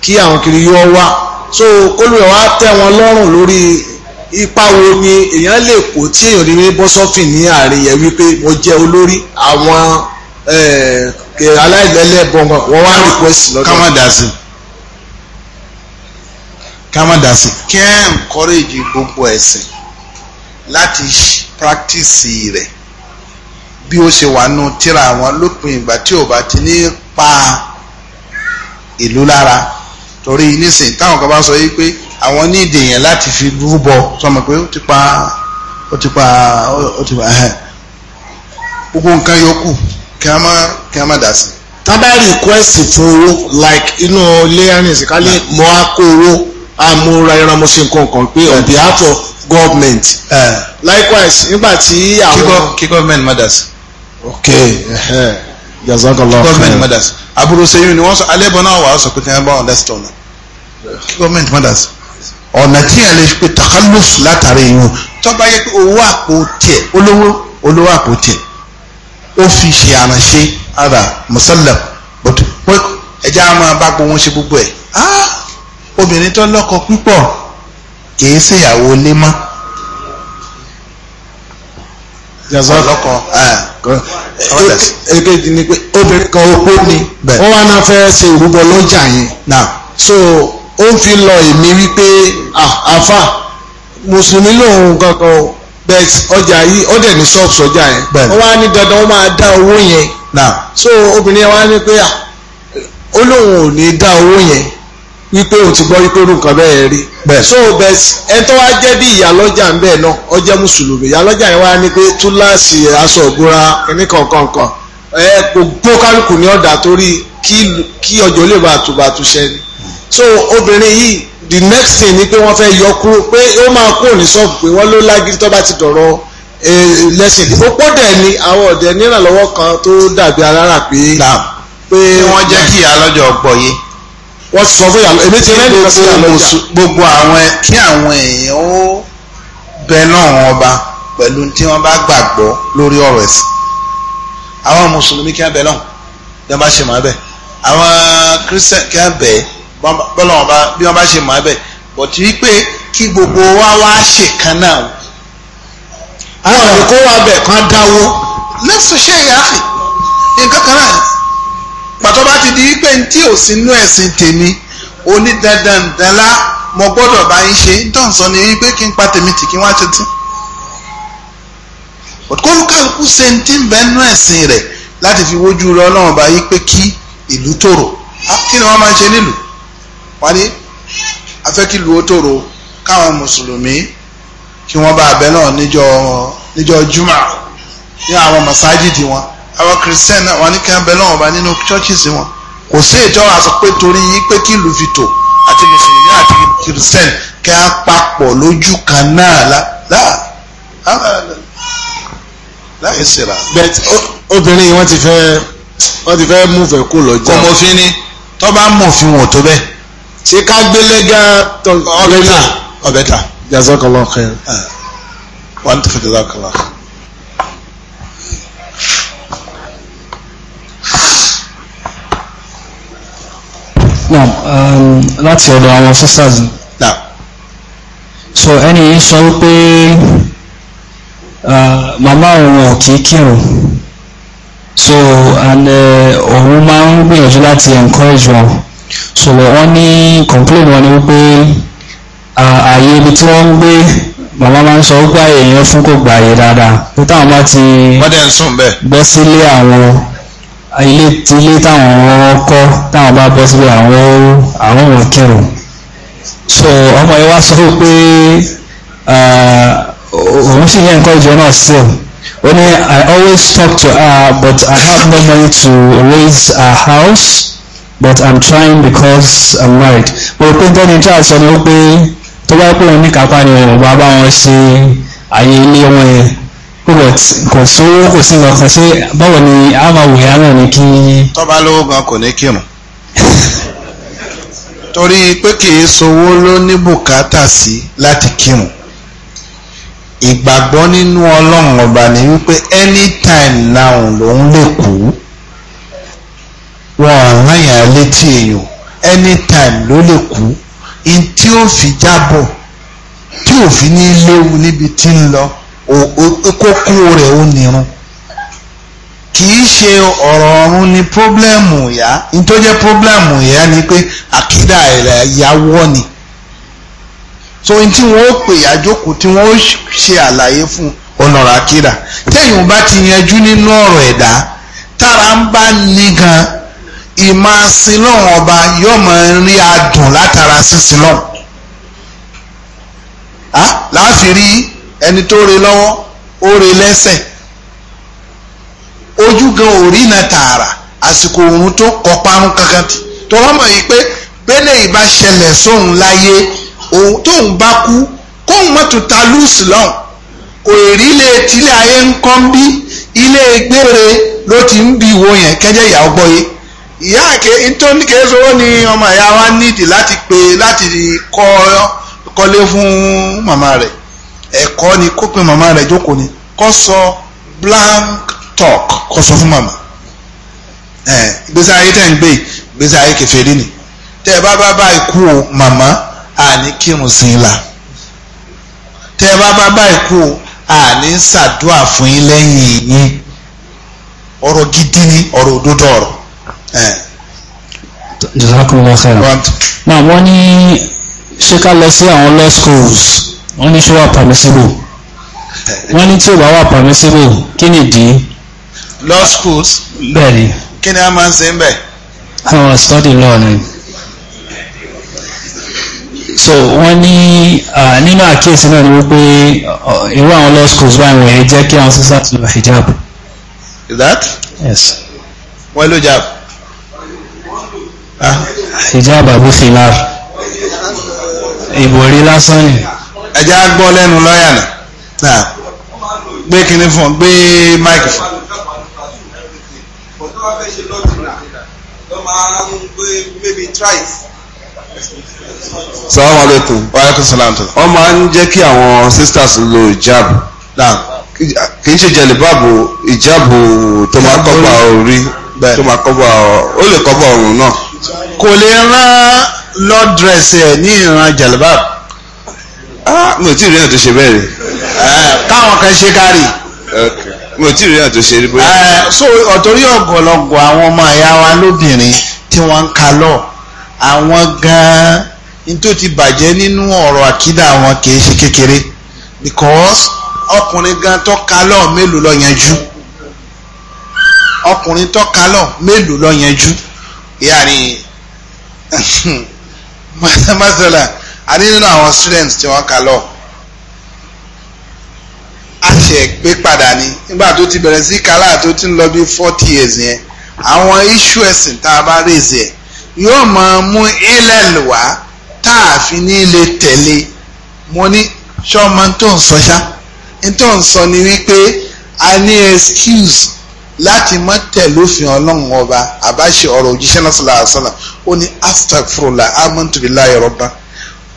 kí àwọn kiri yóò wá so kólúwẹ̀ wá tẹ́ wọn lọ́rùn lórí ipa wo ni èèyàn lè kó tí èèyàn ní ní bọ́sọ́fìn ní àárín yẹn wípé mo jẹ́ olórí àwọn eh, aláìlẹ́lẹ́bọn wọn wá request lọ́dọ̀. ká má dà sí ká má dà sí. encourage gbogbo ẹ̀sìn láti practice rẹ̀ bí ó ṣe wà nù tíra wọn lópin ìgbà tí ò bá ti ní pa ìlú lára torí nísìn táwọn kan bá sọ yìí pé àwọn ní ìdèyàn láti fi rúbọ sọmọ pé ó ti pa ó ti pa ó ti pa ẹhẹn gbogbo nǹkan yòókù kí a má kí a má dà sí. tábà request fún owó like inú léyàrin ìsìnkálẹ̀ mọ́ á kó owó àmúra ẹran mo ṣe nǹkan kan pé on behalf of government. Eh. likewise nígbà tí àwọn. kí government má dà sí. okay jazakallah government mothers àbúrò sẹ́yìn ni wọ́n sọ alẹ́bọ̀ náà wàá sọ pé kí wọ́n bá wọn lẹ́sítọ̀ ọ̀nà government mothers ọ̀nà tí yẹn lè pe takaluf látàrí yìí tó bá yẹ pé owó àpò tiẹ̀ olówó olówó àpò tiẹ̀ ó fi ṣe àránṣe ara musallam but pé ẹja máa bá gbogbo wọn ṣe gbogbo ẹ̀ ah! obìnrin tó lọ́kọ púpọ̀ kì í ṣèyàwó lé ọlọ́kọ èkejì ni ni ṣe ìrúbọ lọ́jà yẹn so ó fi lọ èmi wípé àfà mùsùlùmí lòun kankan ọjà yìí ó dẹ̀ ní ṣọ́ọ̀bù ọjà yẹn ó ní dandan ó máa dá owó yẹn so obìnrin yẹn ní pé yẹn wípé o ti gbọ́ wípé irú nǹkan bẹ́ẹ̀ rí. so bẹ́ẹ̀ ẹ tó wá jẹ́ bí ìyálọ́jà ń bẹ̀ náà ọ jẹ́ mùsùlùmí ìyálọ́jà yẹn wá ní pé túláàsì aṣọ ògúnra kìnnìkankankan ẹ gbogbo kálukú ní ọ̀dà torí kí ọjọ́ lè bá àtúbàtú ṣẹ ni. so obìnrin yìí the next thing ni pé wọ́n fẹ́ yọ kúrò pé ó máa kúrò ní sọ́ọ̀bù pé wọ́n ló lágídí tó bá ti dọ̀rọ̀ lẹ́sìn ìdìbò pọ̀ dẹ̀ ni àwọn ọ̀dẹ̀ nírànlọ́wọ́ wọ́n sọ fún yàrá èmi ti rẹ́ nìkan sí yàrá ọjà gbogbo àwọn kí àwọn èèyàn ó bẹ náà wọn ọba pẹ̀lú tí wọ́n bá gbàgbọ́ lórí ọ̀rọ̀ ẹ̀sìn àwọn mùsùlùmí kí wọ́n bẹ náà bí wọ́n bá ṣe máa bẹ̀ àwọn kírísítẹ̀ kí wọ́n bẹ̀ bọ́lá wọn bá bí wọ́n bá ṣe máa bẹ̀ bọ̀tí wípé kí gbogbo wa wá ṣèkan náà àwọn ìkówà bẹ̀ kan dáwó lẹ́sọ̀ ṣe é yáàfì nǹkan kan náà pàtó bá ti di pé ntí ò sí inú ẹ̀sìn tèmi onídandandanlá mo gbọ́dọ̀ bá yín ṣe nítorí sọ ni wípé kí n pa tèmi tì kí wọ́n á ti tì kólúkálukú ṣe ń tí ń bẹ nú ẹ̀sìn rẹ̀ láti fi wójú rẹ ọlọ́run bá yí pé kí ìlú tòrò kí ni wọ́n máa ń ṣe nílùú wọ́n ní afẹ́kìlú ó tòrò káwọn mùsùlùmí kí wọ́n bá abẹ náà níjọ́ níjọ́ juma ní àwọn masajidi wọn àwọn christian náà wà ní kí wọn bẹ lọ́wọ́ bá nínú churches wọn kò sí ìjọ àṣọ pé torí yín pé kí ìlú fi tò àti mùsùlùmí àti christian kí wọn papọ̀ lójú kan náà la láì sèrà. bẹ́ẹ̀ obìnrin wọn ti fẹ́ wọn ti fẹ́ múfẹ kó lọ jẹun. kọmọfin ni tó bá mọfin wọn tó bẹ́ẹ̀. ṣé ká gbélé gan ọbẹ ta ọbẹ ta. jazakallah khair. wọn ti fi jazakallah khair. Um, láti ọ̀dọ̀ àwọn sisters so ẹni yìí sọ wípé uh, màmá òun ò kìí kírun so and uh, òun máa ń gbìyànjú láti encourage wọn so wọ́n ní complain wọn ni wípé uh, ààyè ibi tí wọ́n ń gbé màmá máa ń sọ wípé ààyè yẹn fún kò gbààyè dáadáa pé táwọn bá ti bọ́ sílé àwọn ilé tilé táwọn ọmọ kọ́ táwọn bá bọ́ síbẹ̀ àwọn àwọn ọmọ kírun so ọmọ yẹn wá sọ fún pé òun sì yẹ nǹkan ìjọ náà sí ó ní I always talk to her but I have no money to raise a house but I'm trying because I'm married mo pé tẹ́ni tí a sọ ni ó pé tó bá pè ní kápá ni òun bá bá wọn ṣe àyè ilé wọn yẹn but kò sówó kò sí nǹkan kan ṣé báwo ni a máa wòye ara ni kí. tó bá lówó gan kò ní kírun torí pé kì í sowó ló ní bùkátà sí láti kírun ìgbàgbọ́ nínú ọlọ́run ọba ni wípé anytime now lòun lè kú wọn ọ̀ràn yàn létí èèyàn anytime ló lè kú in tí ó fi jábọ̀ tí ò fi ní léwu níbi tí ń lọ kókó rẹ̀ ó nírun kìí ṣe ọ̀rọ̀ ọ̀run ni pọ́blẹ́mù ìyá nítọ́jẹ́ pọ́blẹ́mù ìyá ni pé àkídà ẹ̀rẹ̀ ni so n tí wọ́n ó pè àjókòó tí wọ́n ó ṣe àlàyé fún ọ̀nàrà bá ti yanjú nínú ọ̀rọ̀ ẹ̀dá tára ń bá ní gan ọba yóò máa rí ẹni tó re lọ́wọ́ ó re lẹ́sẹ̀ ojú gan ò rí na tààrà àsìkò òun tó kọ parun kankan tì tọ́wọ́ mọ̀ yìí pé bẹ́lẹ̀ ìbá ṣẹlẹ̀ sóhun láyé òun tóun bá kú kóun mọ̀ tó ta lùsì lọ́hùn kò rí lè tilẹ̀ ayé ń kọ́ bí ilé gbére ló ti ń bi wo yẹn kẹ́jẹ́ ìyá ọgbọ́ yìí ìyá àké nítorí kẹ́sọ́ ó ní ọmọ ìyá wa nídìí láti pè láti kọ́ kọ́lé fún màmá rẹ̀ ẹ̀kọ́ ni kó pe màmá rẹ̀ jókòó ni kó sọ blank talk kó sọ fún màmá ẹ̀ gbèsè ayé tẹ̀ ń gbé gbèsè ayé kèfèrí ni tẹ́ ẹ bá bá bá ikú o màmá àní kírun sí i la tẹ́ ẹ bá bá bá ikú o àní ṣàdúà fún yín lẹ́yìn yín ọ̀rọ̀ gidi ni ọ̀rọ̀ òdodo ọ̀rọ̀ ẹ̀. jazakumullahu khairan. náà wọ́n ní ṣé ká lọ sí àwọn law schools wọ́n ní ṣó wà permissible wọ́n ní tí ò bá wà permissible kí ni ìdí. law schools. bẹ́ẹ̀ni. kí ni a máa ń ṣe ń bẹ̀. àwọn study law ni. so wọ́n ní nínú àkíyèsí náà ni wípé irú àwọn law schools báyìí wọ̀nyẹn jẹ́ kí àwọn sisters lo hijab. is that. yes. wọ́n ló jab. Ah, hijab abu khilaf ìbòrí lásán ni ẹ̀jẹ̀ á gbọ́ lẹ́nu lọ́ọ̀yà náà gbé kinní fún gbé máìkì fún. salamu alaikum wa alaikum salam tala. wọ́n máa ń jẹ́ kí àwọn sisters lo ìjáàbù kì í ṣe jẹ̀lìbáàbù ìjáàbù tó máa kọ́bà orí tó máa kọ́bà ó lè kọ́bà ọrùn náà. kò lè rán lọ́dírẹ̀sì ẹ̀ ní ìran jẹ̀lìbáàbù Ah, mi ò tí ì rí náà tó ṣe bẹ́ẹ̀ rí. Eh, káwọn kan ṣe kárì. mi ò tí ì rí náà tó ṣe rí bóyá. Eh, so ọ̀tọ́rí ọ̀gọ̀lọ̀gọ̀ àwọn ọmọ àyà wa lóbìnrin tí wọ́n ń kalọ̀ àwọn gan-an ní tó ti bàjẹ́ nínú ọ̀rọ̀ àkídà wọn kì í ṣe kékeré because ọkùnrin gan tó kalọ̀ mélòó lọ yanjú ọkùnrin tó kalọ̀ mélòó lọ yanjú yàrá masala. Yani, a ní nínú àwọn students tí wọ́n kà lọ a ṣe pé padà ni nígbà tó ti bẹ̀rẹ̀ sí kálá tó ti ń lọ bí forty years yẹn àwọn iṣu ẹ̀sìn tá a bá rèézì ẹ̀ yóò máa mú ilẹ̀lì wá tá a fi ní ilé tẹ̀lé mo ní ṣọ́ọ́mọ tó ń sọ ṣá tó ń sọ ni wípé a ní excuse láti má tẹ̀lé òfin ọlọ́run ọba àbáṣe ọ̀rọ̀ òjíṣẹ́ náà sọ̀rọ̀ àṣọ̀rọ̀ ó ní astagfurullah amantubilayi rọ́bà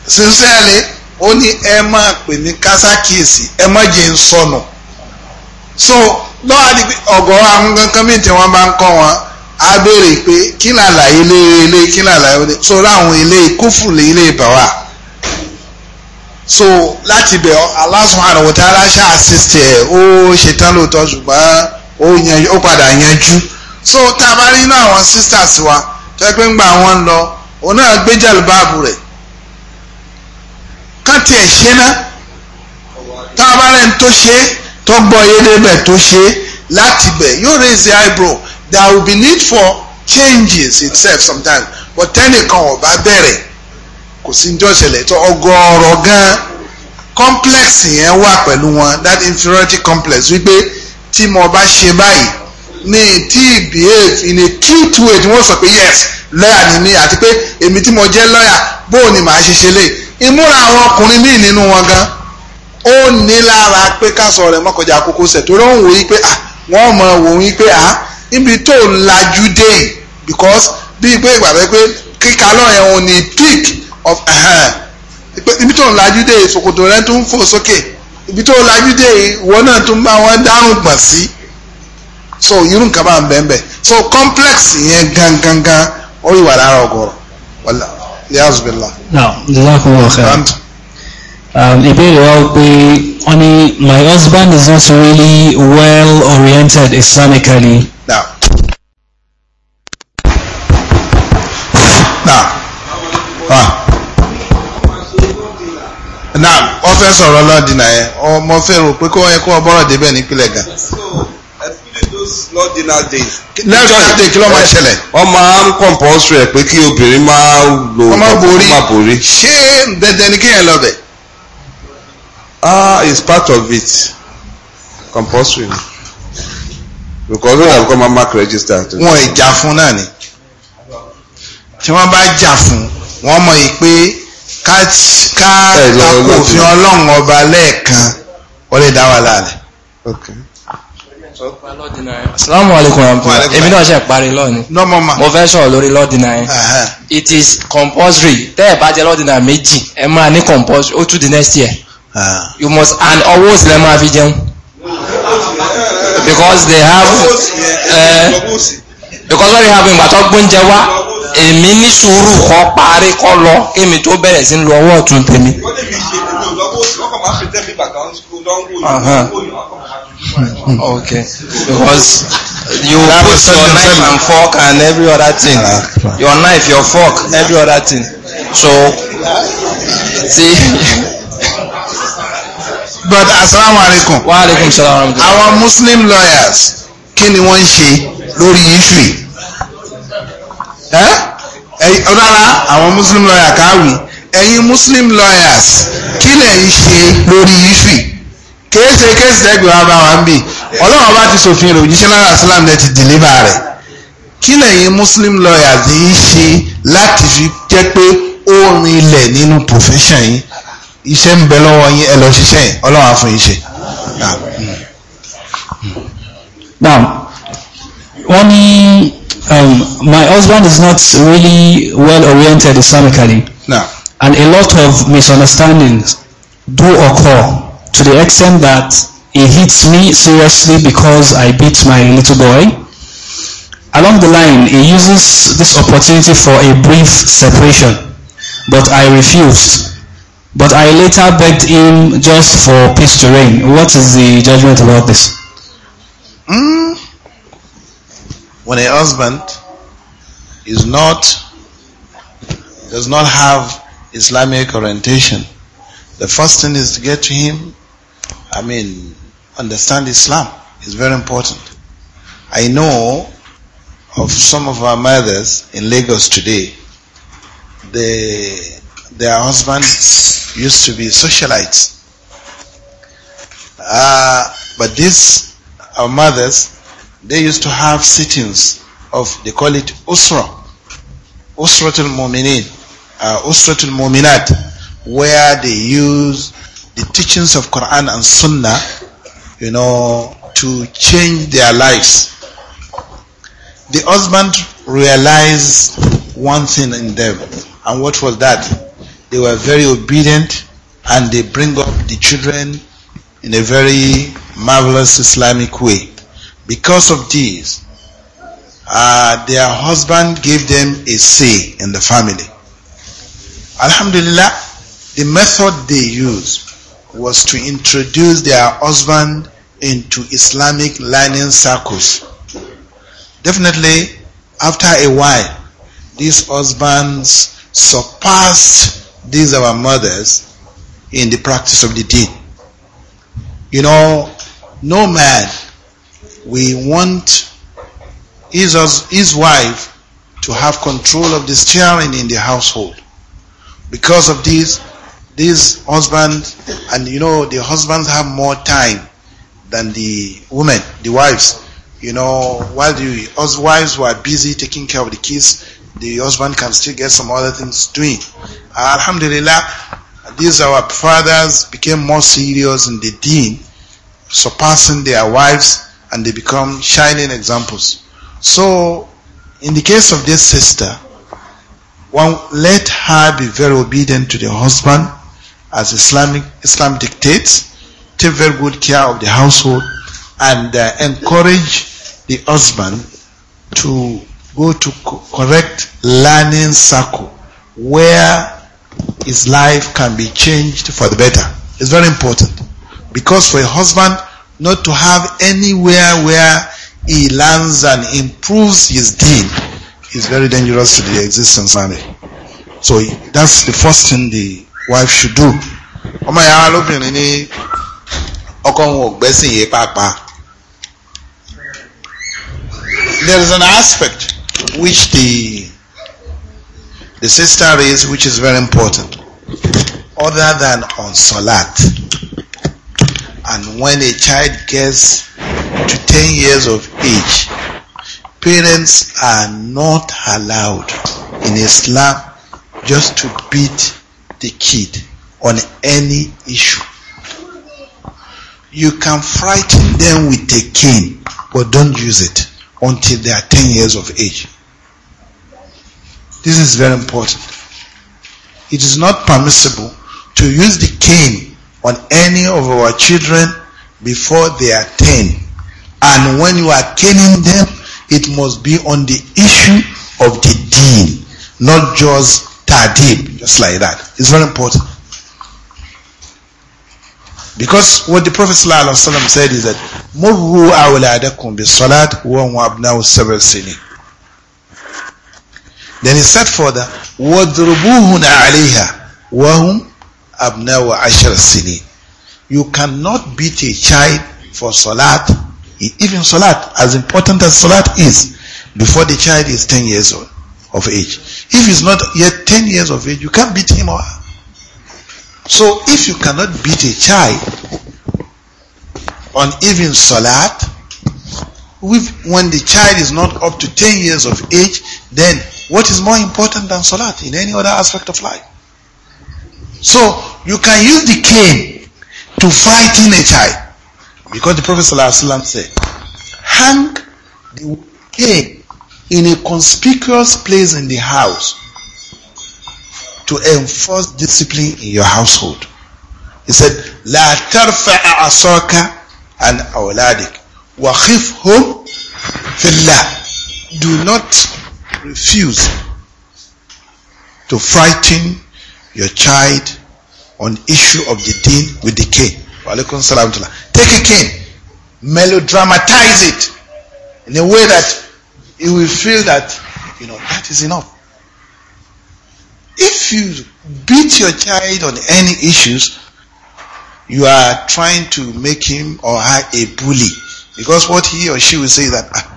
sincerely ó ní ẹ máa pè mí kásákìsì ẹ má jẹ́ ń sọnù so lọ́wọ́ àdìgbì ọ̀gọ́ àwọn kankan míì tí wọ́n bá ń kọ́ wọn á béèrè pé kí ni àlàyé lé ilé kí ni àlàyé lé so láwọn ilé kúfù lé ilé bàwà so láti bẹ̀ Allah subhanahu wa ta'ala ṣá assist ẹ̀ ó ṣetán lóòótọ́ ṣùgbọ́n ó yanjú ó padà yanjú so tá a bá rí inú àwọn sisters wa tẹ́gbẹ́ ń gba àwọn lọ òun náà gbé jàlúbáàbù rẹ̀ kán tiẹ̀ ṣe ná tá a bá rẹ̀ ń tó ṣe tó gbọ́ yé débẹ̀ yóò raise the eyebrow there will be need for changes itself sometimes but tẹ́nìkan ò bá bẹ̀rẹ̀ kò sí njọ́ ìṣẹ̀lẹ̀ tó ọgọ́rọ̀ gan complex yẹn wà pẹ̀lú wọn that inferiority complex wípé tí mo bá ṣe báyìí ní tí behave in a cute way tí wọ́n sọ pé yes lọ́yà ni mí àti pé èmi tí mo jẹ́ lọ́yà bó o màá ṣe ṣe lé ìmúra àwọn ọkùnrin míì nínú wọn gan ó ní lára pé ká sọ rẹ̀ mọ́kànjá àkókò torí òun wòye pé à wọ́n mọ̀ wòye pé à níbi tó lajú dé because bíi pé ìgbà pé kíkà lọ́yẹ̀ òun ní peak of ibi tó lajú dé ìsòkòtò rẹ̀ tó ń fò sókè ibi tó lajú dé ìwọ náà tó ń bá wọn dárùn gbọ̀n sí so irú nǹkan bá ń bẹ́ẹ̀ bẹ́ẹ̀ so complex yẹn gangan gan ó yìí wà lára ọgọ́rọ̀ wọ́n yasbila. Um, ìbéèrè wa pé wọ́n ní my husband is not really well oriented Islamically. Now. Now. Ah. Now, ọ fẹ́ sọ̀rọ̀ lọ́dínà yẹn, ọmọ fẹ́ rò pé kó yẹ kó ọ bọ́rọ̀ débẹ̀ nípínlẹ̀ gan those ordinary days. lẹ́sọ̀rọ̀ ṣe kí ló máa eh, ṣẹlẹ̀. wọ́n máa ń compulsory ẹ̀ pé kí obìnrin máa lo ọmọ borí. ṣé dandan ni kéèyàn lọ bẹ̀. ah it's part of it compulsory because wọn kọ́ máa mark register. wọn ìjà fún náà ni tí wọ́n bá jà fún wọ́n mọ̀ yìí pé ká ká eh, kó ọlọ́run ọba lẹ́ẹ̀kan ó lè dá wàhálà rẹ̀ asalaamu alaykum rahmatulah èmi náà ṣe parí law No, mo fẹ́ sọ̀rọ̀ lórí law denial it is compulsory tẹ́ ẹ̀ bá jẹ́ law méjì ẹ máa ní compulsory O to the next year ah. you must and owó òsì lẹ́ máa fi jẹun because they have eh, because wọ́n rí have ìgbà tó gbóúnjẹ wá èmi ní sùúrù kọ́ parí kọ́ lọ kémi tó bẹ̀rẹ̀ sí lọ ọwọ́ ọ̀tún tèmi. wọ́n lè fi ṣe ìdúró lọ́wọ́ òsì wọ́n kàn máa fi tẹ́lifí bàtà ń sùn lọ́wọ́ òyìnbó okay because you that put your knife seven. and fork and every other thing uh, your knife your fork every other thing so see. but asalaamualeykum. wa aleykum salaam. our muslim lawyers kí ni wọ́n ń ṣe lórí issue yìí. ẹ àwọn muslim lawyers káwí ẹ̀yin muslim lawyers kí lẹ̀ ń ṣe lórí issue kéèsè kéèsè tẹ́gbẹ̀ wá bá wa ń bì ọlọ́run bá ti sòfin rẹ̀ òjíṣẹ́ náírà islam dẹ̀ ti deliver rẹ̀ kí lẹ́yìn muslim lawyers yìí ṣe láti fi jẹ́ pé ó rin ilẹ̀ nínú profession yìí iṣẹ́ ń bẹ lọ́wọ́ yín ẹ lọ ṣiṣẹ́ yìí ọlọ́run fún yín ṣe. now wọ́n ní um, my husband is not really well oriented islamically no. and a lot of misunderstandings do occur. to the extent that it hits me seriously because I beat my little boy. Along the line, he uses this opportunity for a brief separation, but I refused. But I later begged him just for peace to reign. What is the judgment about this? Mm. When a husband is not, does not have Islamic orientation, the first thing is to get to him I mean, understand Islam is very important. I know of some of our mothers in Lagos today, they, their husbands used to be socialites. Uh, but these, our mothers, they used to have sittings of, they call it Usra, Usratul Mu'minin, uh, Usratul Mu'minat, where they use the teachings of Quran and Sunnah, you know, to change their lives. The husband realized one thing in them, and what was that? They were very obedient and they bring up the children in a very marvelous Islamic way. Because of this, uh, their husband gave them a say in the family. Alhamdulillah, the method they use was to introduce their husband into Islamic learning circles. Definitely, after a while, these husbands surpassed these our mothers in the practice of the deed. You know, no man we want his, his wife to have control of the steering in the household. Because of this, these husbands, and you know, the husbands have more time than the women, the wives. You know, while the wives were busy taking care of the kids, the husband can still get some other things doing. Alhamdulillah, these our fathers became more serious in the deen, surpassing their wives, and they become shining examples. So, in the case of this sister, one let her be very obedient to the husband as Islamic, Islam dictates, take very good care of the household and uh, encourage the husband to go to correct learning circle where his life can be changed for the better. It's very important because for a husband not to have anywhere where he learns and improves his deed is very dangerous to the existence of marriage. So that's the first thing the wife should do ọmọ ìyá lóbìnrin ní ọkọ wọn ò gbẹ́sìn yé pàápàá there is an aspect which the the sister raised which is very important other than on salat and when a child gets to ten years of age parents are not allowed in Islam just to beat the kid on any issue. You can frighten them with a cane, but don't use it until they are 10 years of age. This is very important. It is not permissible to use the cane on any of our children before they are 10. And when you are caning them, it must be on the issue of the deed, not just ta'deeb, just like that. It's very important. Because what the Prophet ﷺ said is that Murru awladakum bi salat wa abna'u sabr sini." Then he said further, Wadrubuhuna alayha wa hum abna'u ashar sini." You cannot beat a child for salat, even salat, as important as salat is, before the child is 10 years old of age. If he's not yet 10 years of age, you can't beat him or her. So if you cannot beat a child on even salat, when the child is not up to 10 years of age, then what is more important than salat in any other aspect of life? So you can use the cane to fight in a child. Because the Prophet ﷺ said, hang the cane in a conspicuous place in the house to enforce discipline in your household. He said, لا ترفع عصاك عن أولادك وخفهم في الله. Do not refuse to frighten your child on issue of the deen with the cane. Take a cane, melodramatize it in a way that you will feel that, you know, that is enough. If you beat your child on any issues, you are trying to make him or her a bully. Because what he or she will say is that, ah,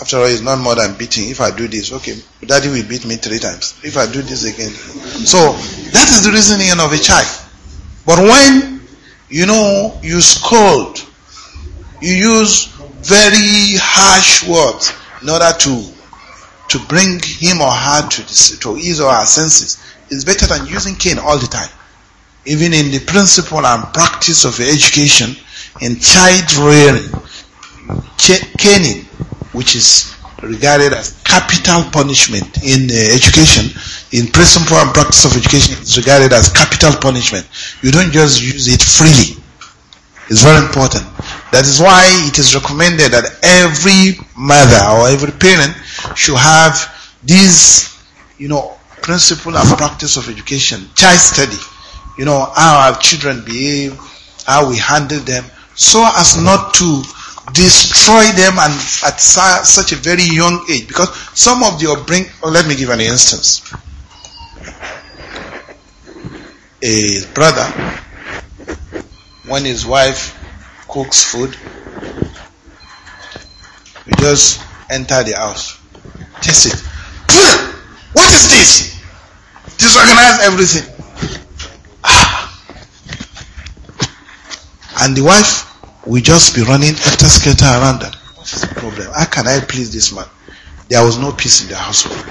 after all, it's not more than beating. If I do this, okay, daddy will beat me three times. If I do this again. So, that is the reasoning of a child. But when, you know, you scold, you use very harsh words, in order to to bring him or her to, this, to ease or senses is better than using cane all the time. Even in the principle and practice of education, in child rearing, caning, which is regarded as capital punishment in uh, education, in principle and practice of education, is regarded as capital punishment. You don't just use it freely. It's very important. That is why it is recommended that every mother or every parent should have this, you know, principle and practice of education, child study. You know, how our children behave, how we handle them, so as not to destroy them and at such a very young age. Because some of the upbringing, oh, let me give an instance. A brother, when his wife cooks food. You just enter the house. taste it. What is this? Disorganize everything. Ah. And the wife will just be running after skater around them. What is the problem? How can I please this man? There was no peace in the household.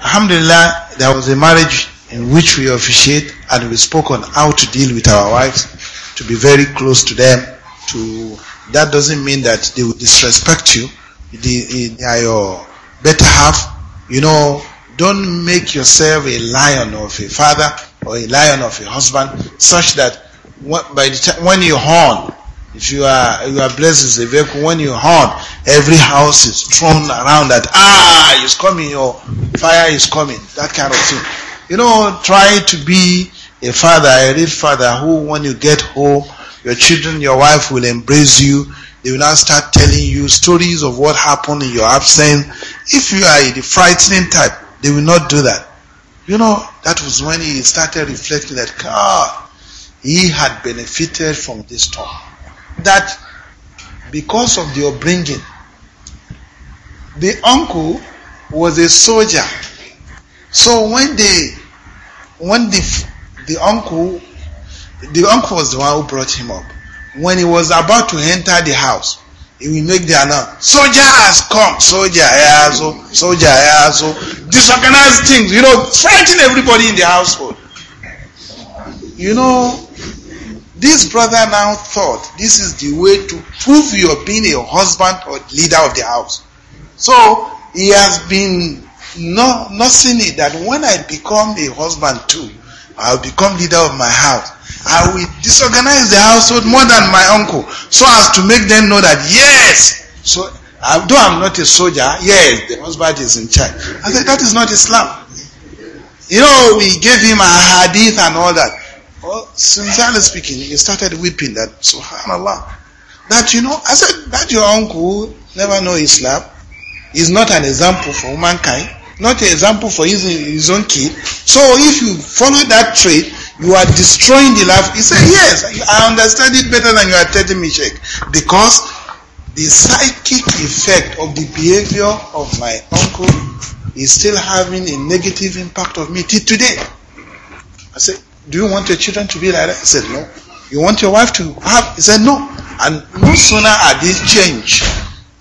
Alhamdulillah, there was a marriage in which we officiate and we spoke on how to deal with our wives to be very close to them. To that doesn't mean that they will disrespect you. They, are your better half. You know, don't make yourself a lion of a father or a lion of a husband, such that by the time when you horn, if you are you are blessed as a vehicle, when you horn, every house is thrown around that ah, is coming, your fire is coming, that kind of thing. You know, try to be a father, a real father, who when you get home, your children, your wife will embrace you. They will not start telling you stories of what happened in your absence. If you are the frightening type, they will not do that. You know, that was when he started reflecting that, God, he had benefited from this talk. That because of the upbringing, the uncle was a soldier. So when they, when the the uncle, the uncle was the one who brought him up. When he was about to enter the house, he will make the announcement: Soldier has come. Soldier has eh, so. Soldier has eh, so. Disorganized things, you know, frightening everybody in the household. You know, this brother now thought this is the way to prove you being a husband or leader of the house. So he has been no, nursing it that when I become a husband too, I'll become leader of my house. I will disorganize the household more than my uncle so as to make them know that yes, so although I'm not a soldier, yes, the husband is in charge. I said, that is not Islam. You know, we gave him a hadith and all that. Well, sincerely speaking, he started weeping that, subhanallah, that you know, I said, that your uncle never know Islam is not an example for mankind not an example for his, his own kid. So if you follow that trait, you are destroying the life. He said, Yes, I understand it better than you are telling me, Sheikh. Because the psychic effect of the behavior of my uncle is still having a negative impact on me till today. I said, Do you want your children to be like that? He said, No. You want your wife to have? He said, No. And no sooner are these changed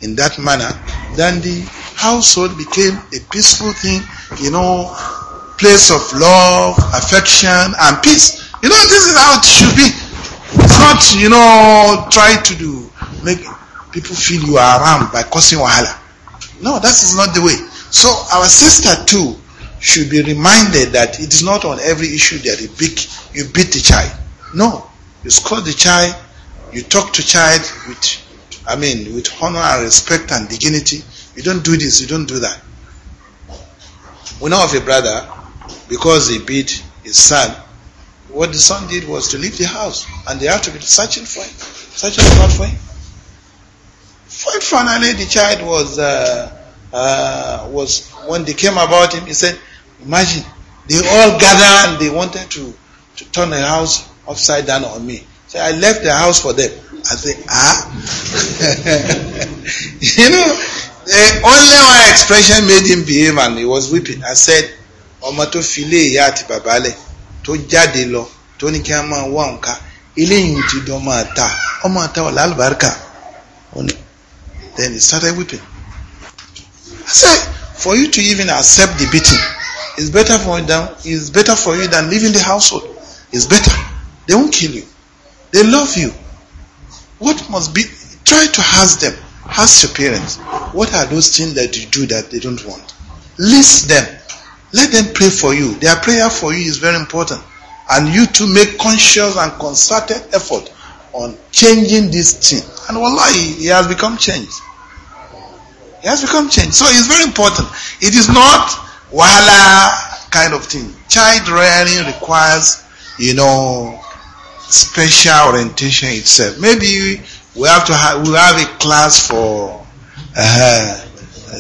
in that manner, then the household became a peaceful thing, you know, place of love, affection, and peace. You know, this is how it should be. It's not, you know, try to do make people feel you are around by causing wahala. No, that is not the way. So our sister too should be reminded that it is not on every issue that you beat, you beat the child. No, you scold the child, you talk to child with I mean, with honor and respect and dignity. You don't do this, you don't do that. We know of a brother, because he beat his son, what the son did was to leave the house, and they had to be searching for him, searching for him. Finally, the child was, uh, uh, was when they came about him, he said, imagine, they all gathered and they wanted to, to turn the house upside down on me. So I left the house for them. I say, ah. you know, the only one expression made him behave and he was weeping. I said, ọmọ tó fi ilé ìyá àti bàbá lẹ̀ tó jáde lọ tó ní kí a máa wá nǹkan eléyìí ti dán máa ta ọmọ àta wà lálùbáríkà then he started weeping. I said, for you to even accept the beating is better for you than is better for you than leaving the household. It's better. They won't kill you. They love you. What must be, try to ask them, ask your parents, what are those things that you do that they don't want? List them. Let them pray for you. Their prayer for you is very important. And you to make conscious and concerted effort on changing this thing. And wallahi, he has become changed. He has become changed. So it's very important. It is not wala kind of thing. Child rearing requires, you know, special orientation itself. Maybe we have to have, we have a class for uh,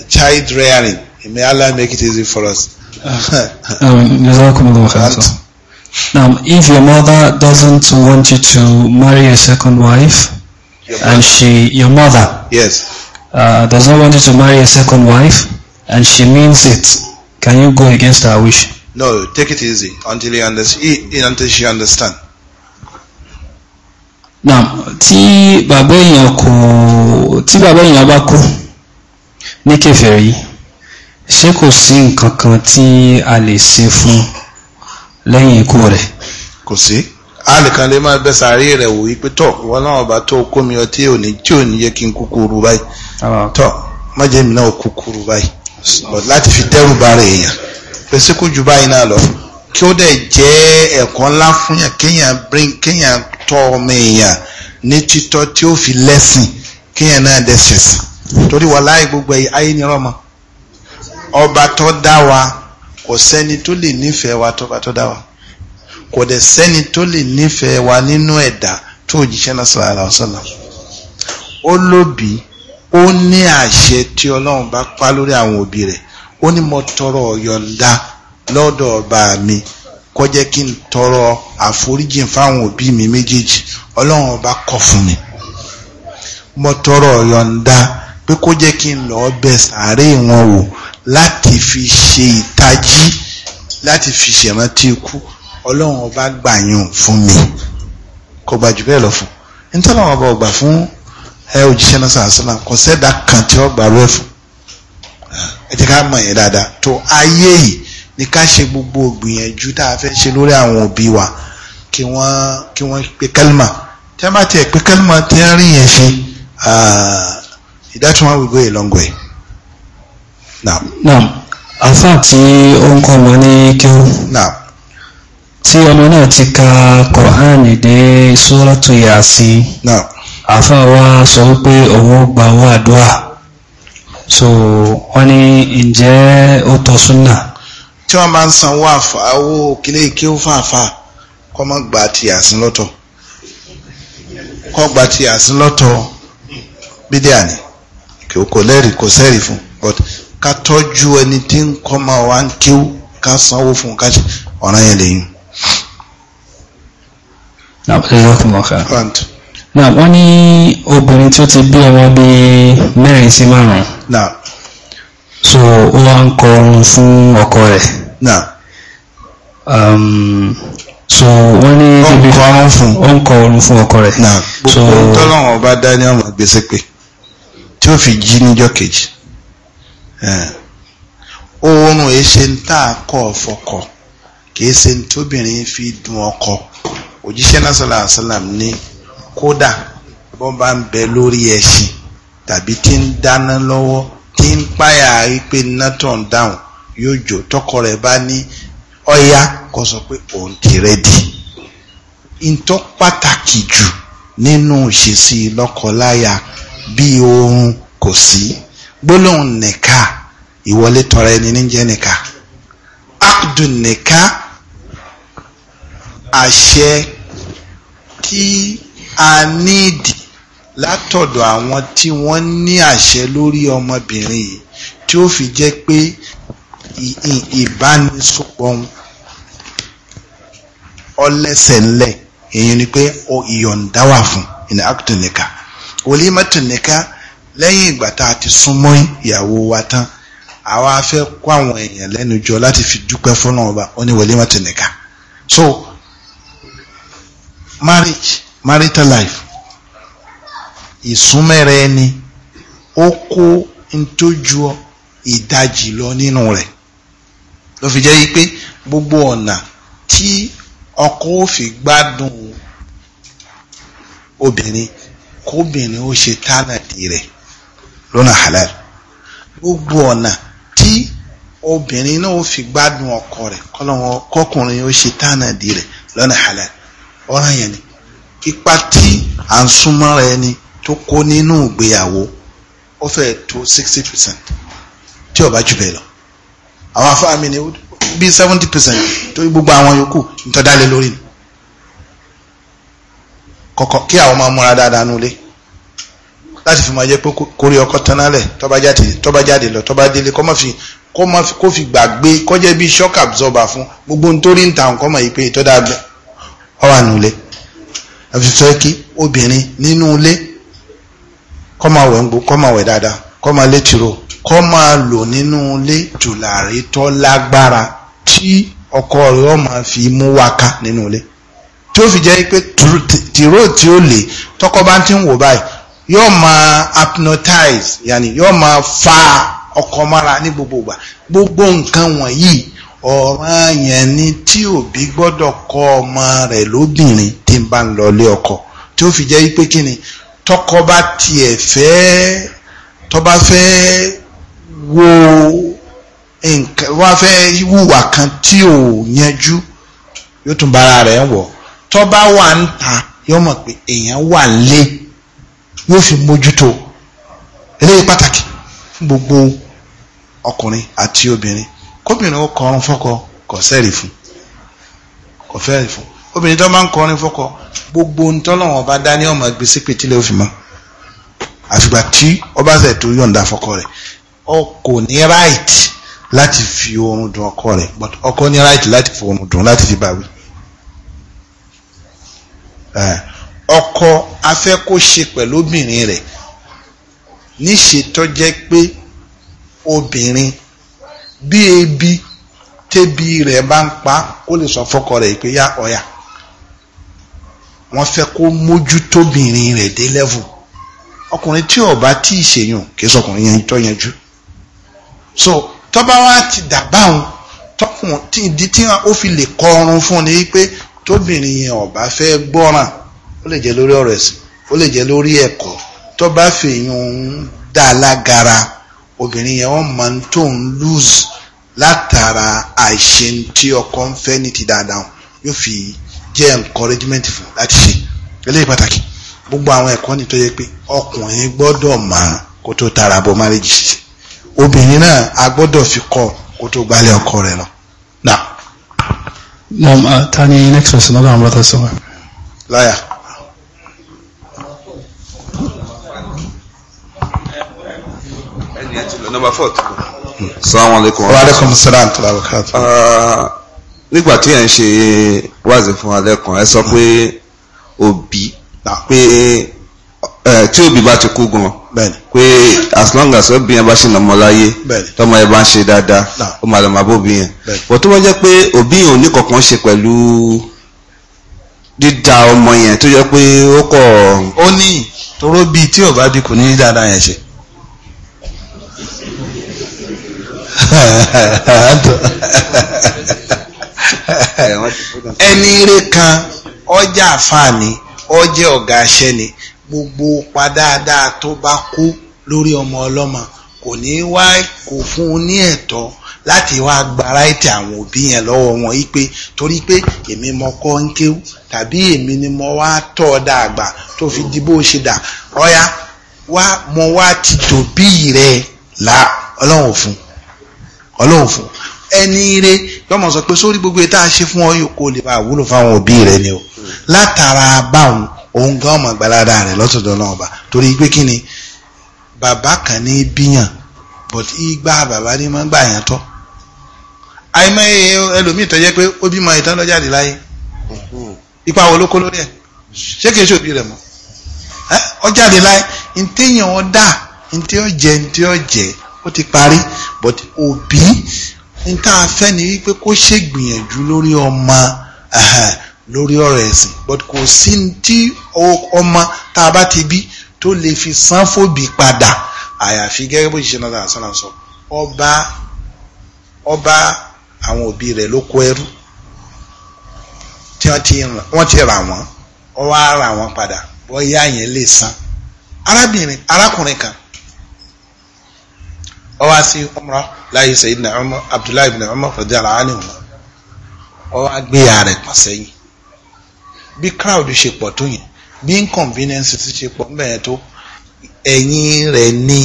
child rearing. May Allah make it easy for us. Uh, um, now, if your mother doesn't want you to marry a second wife, your and she, your mother, yes, uh, does not want you to marry a second wife, and she means it, can you go against her wish? No, take it easy until he understand. Until she understands. now tí bàbá èèyàn kò tí bàbá èèyàn bá kú ní kèfèrí ṣé kò sí nǹkan kan tí a lè ṣe fún lẹ́yìn ikú rẹ̀. kò sí alìkan lè máa bẹ́sà rí rẹ̀ wò wípé tọ̀ wọn náà bá tó kó mi ọtí òní tí ò ní yẹ kí n kúkúrú báyìí ah. tọ̀ má jẹ́ mi náà kúkúrú báyìí láti fi dẹ́rù bà rẹ̀ èèyàn pèsè kó ju báyìí náà lọ kí ó dẹ̀ jẹ́ ẹ̀kọ́ ńlá fún yàn kéèyàn bring kéèyàn tọ́ ọmọ èèyàn ní títọ́ tí ó fi lẹ́sìn kéèyàn náà dẹ̀ ṣẹ̀sìn torí wà láì gbogbo ayé ni rọ́mọ ọba tó dá wa kò sẹ́ni tó lè nífẹ̀ẹ́ wa tọ́ba tó dá wa kò dẹ̀ sẹ́ni tó lè nífẹ̀ẹ́ wa nínú ẹ̀dá tó òjíṣẹ́ náà sallallahu alaihi wasallam ó lóbi ó ní àṣẹ tí ọlọ́run bá pa lórí àwọn òbí rẹ̀ ó ní mo tọrọ ọ̀yọ̀ǹda lọ́dọ̀ ọba mi kó jẹ́ kí n tọrọ àforíjì fáwọn òbí mi méjèèjì ọlọ́run ọba kọ̀ fún mi mo tọrọ yọ̀ǹda pé kó jẹ́ kí n lọ́ọ́ bẹ sàárè wọn wò láti fi ṣe ìtají láti fi ṣèrántí ikú ọlọ́run ọba gbàyàn fún mi kò gbà jù bẹ́ẹ̀ lọ fún un nítorí àwọn ọba ọgbà fún ẹ òjíṣẹ́ náà sàásánà kò sẹ́dá kan tí ó gbà fún ẹ ti ká mọ̀ yẹn dáadáa tó ayé yìí ni ká ṣe gbogbo gbìyànjú tá a fẹ́ ṣe lórí àwọn òbí wa kí wọ́n kí wọ́n pe kálmà tí a bá tiẹ̀ pe kálmà tí a rí yẹn ṣe ah, that one will go a long way. Now. Now, àfa tí ó ń ọmọ Now. Tí ọmọ náà ti ka Kọ̀hánì dé Sóràtú Yàsí. Now. Àfa wa sọ pé òun gba owó àdúrà. So, wọ́n ní ǹjẹ́ ó tọ́ súnà? tí wọ́n máa ń sanwó owó kílé fàáfà kọ́ mọ́ gba ti àsín lọ́tọ̀ kọ́ gba ti àsín lọ́tọ̀ bídíà ni kò lẹ́rìí kò sẹ́rìí fún but ká tọ́jú ẹni tí ń kọ́ máa wá ń kíw ká sanwó fún ká ọ̀ràn yẹn lẹ́yìn. náà wọ́n ní obìnrin tí ó ti bí ọmọ mẹ́rin sí márùn-ún so ó ọkọ rẹ̀. náà. Um, so wọ́n ní débi ó ń fún ó ń kọ fún ọkọ rẹ̀. náà gbogbo tọ́lọ́wọ́n bá gbèsè pé tí ó fi jí níjọ́ kejì eh. oorun ń tà kọ́ ọ̀fọ̀kọ̀ kì í ṣe fi dun ọkọ òjíṣẹ́ náà sọ̀rọ̀ àṣàlám ní kódà bá ń bẹ lórí ẹṣin tàbí tí ń dáná lọ́wọ́ tí ń yóò jó tọkọ rẹ̀ bá ní ọ̀yá kó sọ pé òun ti rẹ́dì ntọ́ pàtàkì jù nínú ìṣesí lọ́kọláya bí oorun kò sí gbólóhùn nìka ìwọlé tọrọ ẹni níjẹ́ nìka akdun nìka àṣẹ tí a níìdì látọ̀dọ̀ àwọn tí wọ́n ní àṣẹ lórí ọmọbìnrin yìí tí ó fi jẹ́ pé ìbánisọpọ̀ ọlẹ́sẹ̀lẹ̀ èyí ni pé ó ìyọ̀ǹda wà fún ìní akutun nìka wòlímọ̀tún nìka lẹ́yìn ìgbà tá a ti súnmọ́ ìyàwó wa tán àwa fẹ́ kó àwọn èèyàn lẹ́nu jọ láti fi dúpẹ́ fọ́nà ọba ó ní wòlímọ̀tún nìka so marriage marital life ìsúnmẹ́rẹ́ ẹni ó kó ntójú ìdajì lọ nínú rẹ̀ ló fi jẹ́ pé gbogbo ọ̀nà tí ọkọ ó fi gbádùn obìnrin kóbìnrin ó ṣe tánàdì rẹ̀ lọ́nà halal gbogbo ọ̀nà tí obìnrin náà ó fi gbádùn ọkọ rẹ̀ kọkùnrin ó ṣe tánàdì rẹ̀ lọ́nà halal ọ̀ràn yẹn ni ipa tí à ń súnmọ́ra ẹni tó kó nínú ìgbéyàwó ó fẹ́ tó sixty percent tí ó jù bẹ́ẹ̀ lọ àwọn afáàmì ni bíi seventy percent torí gbogbo àwọn yòókù ntọ́dálẹ̀ lórí ni kọ̀kọ́ kí àwọn máa múra dáadáa nulẹ̀ láti fi máa jẹ́ pé kórè ọkọ̀ tánálẹ̀ tọ́ba jáde tọ́ba jáde lọ tọ́ba délé kọ́ máa fi kó fi gbàgbé kọ́ jẹ́ bíi shock absorber fún gbogbo nítorí níta nǹkan mọ̀ yìí pé ìtọ́dá ọwà nulẹ̀ àfi sọ kí obìnrin nínú ilé kọ́ máa wẹ̀ ń gbó kọ́ máa wẹ̀ dáadáa kọ́ máa létiro kọ́ máa lò nínú ilé tùlàrí tó lágbára tí ọkọ rẹ̀ ó máa fi mú wáká nínú ilé tí ó fi jẹ́ pé tìró tí ó lè tọkọ bá ti ń wò báyìí yóò máa hypnotize yàní yóò máa fa ọkọ mára ní gbogbo ìgbà gbogbo nǹkan wọ̀nyí ọ̀ràn yẹn ni tí òbí gbọ́dọ̀ kọ́ ọmọ rẹ̀ lóbìnrin tí ń bá ń lọ ilé ọkọ tí ó fi jẹ́ pé kí ni tọkọ bá tiẹ̀ fẹ́ tó bá fẹ́ wo nǹkan wá fẹ́ wùwà kan tí ò yanjú yóò tún bára rẹ̀ wọ̀ tó bá wà ń ta yóò mọ̀ pé èèyàn wà lé yóò fi mójútó eléyìí pàtàkì fún gbogbo ọkùnrin àti obìnrin kóbìnrin ó kọrin fọ́kọ kò sẹ́rì fún kò fẹ́rì fún obìnrin tó máa ń kọrin fọ́kọ gbogbo ntọ́lọ́wọ̀n bá dá ní ọmọ gbèsè pètìlẹ̀ òfin mọ́ àfìgbà tí ọba ṣe tó yọ̀ǹda fọkọ rẹ̀ ọkọ ní right láti fi oorun dùn ọkọ rẹ̀ but ọkọ ní right láti fi oorun dùn láti fi bàwí. Eh, ọkọ afẹ́ kó ṣe pẹ̀lú obìnrin rẹ̀ níṣe tó jẹ́ pé obìnrin bí ebi tẹ́bi rẹ̀ bá ń pa ó lè sọ fọkọ rẹ̀ pé yá ọ̀yà wọ́n fẹ́ kó mójútóbìnrin rẹ̀ dé level ọkùnrin tí ó bá tí ì ṣèyàn kì í sọkùnrin yẹn tó yanjú so tọ́ba wa ti dàgbà òun tọkùn tí ìdí tí ó fi lè kọ ọrùn fún ni pé tóbìnrin yẹn ó bá fẹ́ gbọ́ràn ó lè jẹ́ lórí ọ̀rọ̀ ẹ̀sìn ó lè jẹ́ lórí ẹ̀kọ́ tọ́ba fèèyàn òun dá a lágara obìnrin yẹn wọ́n máa ń tó ń lose látara àìṣe tí ọkọ ń fẹ́ ní ti dáadáa yóò fi jẹ́ encouragement fún láti ṣe eléyìí pàtàkì gbogbo àwọn ẹ̀kọ́ ni tó yẹ pé ọkùnrin gbọ́dọ̀ mọ̀ kó tó tara bọ márèjì ṣiṣẹ́ obìnrin náà a gbọ́dọ̀ fi kọ́ kó tó gbálẹ̀ ọkọ rẹ̀ lọ. Mom, uh, Tani, next person, another brother somewhere. Lawyer. Number four. Assalamu alaikum. Wa alaikum salam wa rahmatullahi. Uh, nígbà tí ẹ̀ ń ṣe wáàzì fún alẹ́kùn, ẹ sọ pé òbí pé eh, tí òbí bá ti kú gan pé as long as òbí yẹn bá ṣì nàmọ́ láyé tọ́mọ yẹn bá ń ṣe dáadáa ó máa lọ máa bóbi yẹn bọ̀ tó bá jẹ́ pé òbí yẹn ò ní kankan ṣe pẹ̀lú dídá ọmọ yẹn tó jẹ́ pé ó kọ̀. ó ní toró bíi tí ò bí kò ní dáadáa yẹn ṣe. ẹni ire kan ọjà àfààní ọ jẹ́ ọ̀gá aṣẹ́ ni gbogbo pa dáadáa tó bá kó lórí ọmọ ọlọ́mọ kò ní wá kò fún un ní ẹ̀tọ́ láti wá gba ráìtì àwọn òbí yẹn lọ́wọ́ wọn yí pé torí pé èmi mọ kọ́ ń kéwú tàbí èmi ni mo wá tọ́ ọ dàgbà tó fi di bó ṣe dà ọ̀ya wá mo wá ti tòbí rẹ̀ là ọlọ́run fún ọlọ́run fún ẹni rẹ̀ tọmọ sọ pé sórí gbogbo tá a ṣe fún ọ yóò kó lè bá wúlò fáwọn òbí rẹ ni o látara báwọn òun gan ọmọ gbalada rẹ lọtọdọ náà ọba torí pé kí ni bàbá kan ní bíyàn but igba bàbá ní máa ń gbà yàn tọ àìmọye ẹlòmíì tó jẹ pé ó bímọ ìtànlọjáde láyé ipa wo ló kó lórí ẹ ṣé kìí ṣe òbí rẹ mọ ọjáde láyé ntẹ́yìn ọ̀dà ntẹ́ ọ̀jẹ̀ ntẹ́ ọ̀jẹ̀ ó ti parí but òbí n tá a fẹ́ ni wípé kó ṣègbìyànjú lórí ọmọ lórí ọ̀rọ̀ ẹ̀sìn but kò sí tí ọmọ tá a bá ti bí tó lè fi san fòbí padà àyàfi gẹ́gẹ́ bó ṣiṣẹ́ náà sọ́nà sọ ọba ọba àwọn òbí rẹ̀ ló kó ẹrú tí wọ́n ti rà wọ́n ó wá rà wọ́n padà bóyá yẹn lè san arábìnrin arákùnrin kan ó wá sí umra láyé sayyidina umar abdullahi ibn umar radiyallahu anhu ó wá gbé ya rẹ̀ pa sẹ́yìn bí crowd ṣe pọ̀ tó yẹn bí inconvenience ti ṣe pọ̀ mbẹ̀yẹn tó ẹ̀yìn rẹ̀ ní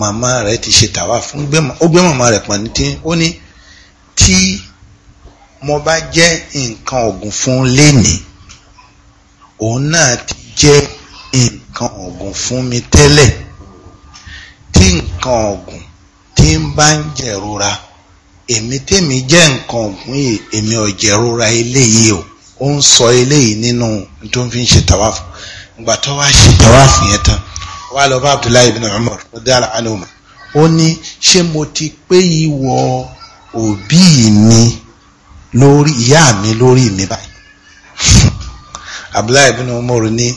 màmá rẹ̀ ti ṣe tàwa fún ó gbé màmá rẹ̀ pọ̀ ní tí ó ní tí mo bá jẹ́ nǹkan ọ̀gùn fún lénìí òun náà ti jẹ́ nǹkan ọ̀gùn fún mi tẹ́lẹ̀ tí nǹkan ọ̀gùn bá ń jẹ̀rora èmi tèmi jẹ́ nǹkan ògùn yìí èmi ò jẹ̀rora eléyìí o ó ń sọ eléyìí nínú tó ń fi ń ṣe tàwáfù ìgbà tó wá ṣe tàwáfù yẹn tán wá lọ bá Abdullahi ibn Umar radiyallahu anhuma ó ní ṣé mo ti pé ìwọ òbí mi lórí ìyá mi lórí mi báyìí Abdullahi ibn Umar ní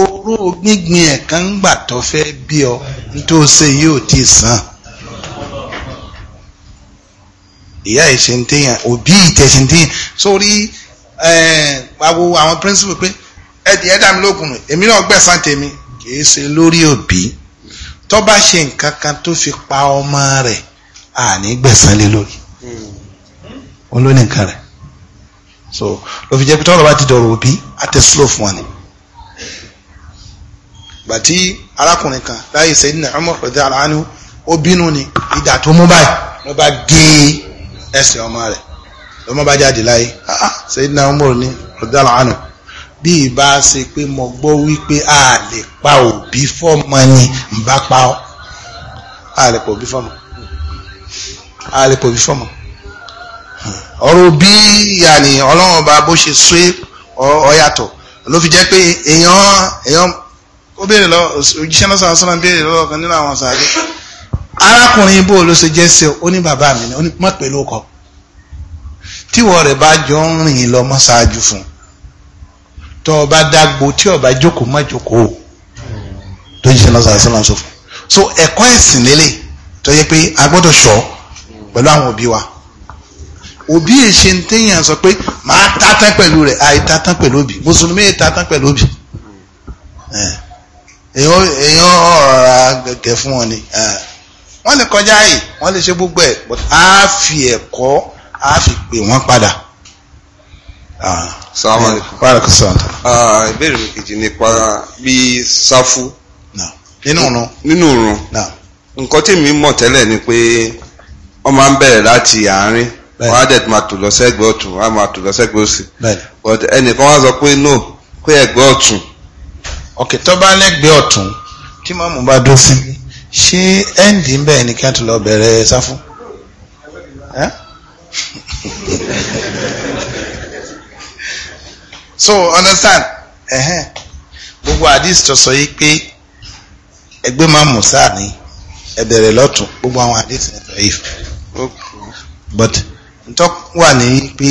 oró gbígbin ẹ̀kan gbà tó fẹ́ bí ọ nítòsí yóò ti sàn. ìyá ẹ̀ ṣe ń téyàn òbí ìtẹ̀ ṣe ń téyàn sórí àwo àwọn principle pé ẹ̀dì ẹ̀dá mi lókun rẹ̀ èmi náà gbẹ̀sán tèmi kìí ṣe lórí òbí tó bá ṣe nǹkan kan tó fi pa ọmọ rẹ̀ àní gbẹ̀sán lé lórí olóní nǹkan rẹ̀ so ló fi jẹ́ pé tọ́lọ́ bá ti dọ̀rọ̀ òbí á tẹ slow fún wa ni bàtí arákùnrin kan láyé Sayyidina Umar radiyallahu anhu ó bínú ni ìdà tó mú báyìí ló bá gé e ẹsẹ̀ ọmọ rẹ̀ lọ́mọ bá jáde láyé ah, ah, Sayyidina Umar ní ọ̀dàlá àná bí ìbá ṣe pé mo gbọ́ wípé a lè pa òbí fọ́mọ ni ń bá pa ọ́ a lè pa òbí fọ́mọ a lè pa òbí fọ́mọ ọ̀rọ̀ bí yàní ọlọ́run ọba bó ṣe sọ ọ̀yàtọ̀ ló fi jẹ́ pé èèyàn èèyàn ó béèrè lọ òjíṣẹ́ náà sọ̀rọ̀ sọ́nà béèrè lọ́wọ́ kan nínú àwọn sàádé arákùnrin ibo ló ṣe jẹ́ sí ó ní bàbá mi ní mọ̀ pé ló kọ tíwọ́ rẹ̀ bá jọ ń rìn lọ mọ́ ṣáájú fún tọ́ ọba dágbo tí ọba jókòó má jókòó tó jíṣẹ́ náà sàrẹ́sẹ́ náà sọ so ẹ̀kọ́ ẹ̀sìn lélẹ̀ tó yẹ pé a gbọ́dọ̀ ṣọ́ pẹ̀lú àwọn òbí wa òbí yìí ṣe ń téèyàn sọ pé màá tátán pẹ̀lú rẹ̀ àì tátán pẹ̀lú òbí mùsùlùmí yìí tátán pẹ̀lú òbí èèyàn ọ̀rọ̀ gẹ̀gẹ̀ fún wọn ni. Eh. wọ́n lè kọjá yìí wọ́n lè ṣe gbogbo ẹ̀ a fi ẹ̀kọ́ a fi pè wọ́n padà. Ah, eh, ah, ìbéèrè mi kejì nípa bí sáfù. nínú òrun. nǹkan tí mi mọ̀ tẹ́lẹ̀ ni pé wọ́n máa ń bẹ̀rẹ̀ láti àárín wọ́n á dẹ̀ máa tò lọ sẹ́gbẹ̀ẹ́ ọ̀tún wọ́n á máa tò lọ sẹ́gbẹ̀ẹ́ òsì. but ẹnìkan wá sọ pé no pé ọ̀tún. tó bá lẹ́gbẹ̀ẹ́ ọ̀tún ṣé ẹ́ǹdì ń bẹ̀ ní kí wọ́n ti lọ bẹ̀rẹ̀ sáfù so understand gbogbo hadith tó sọ yìí pé ẹgbẹ́ máa mú sáà ní ẹ̀bẹ̀rẹ̀ lọ́tún gbogbo àwọn hadith ní sọ yìí but ntọ́ wà ní pé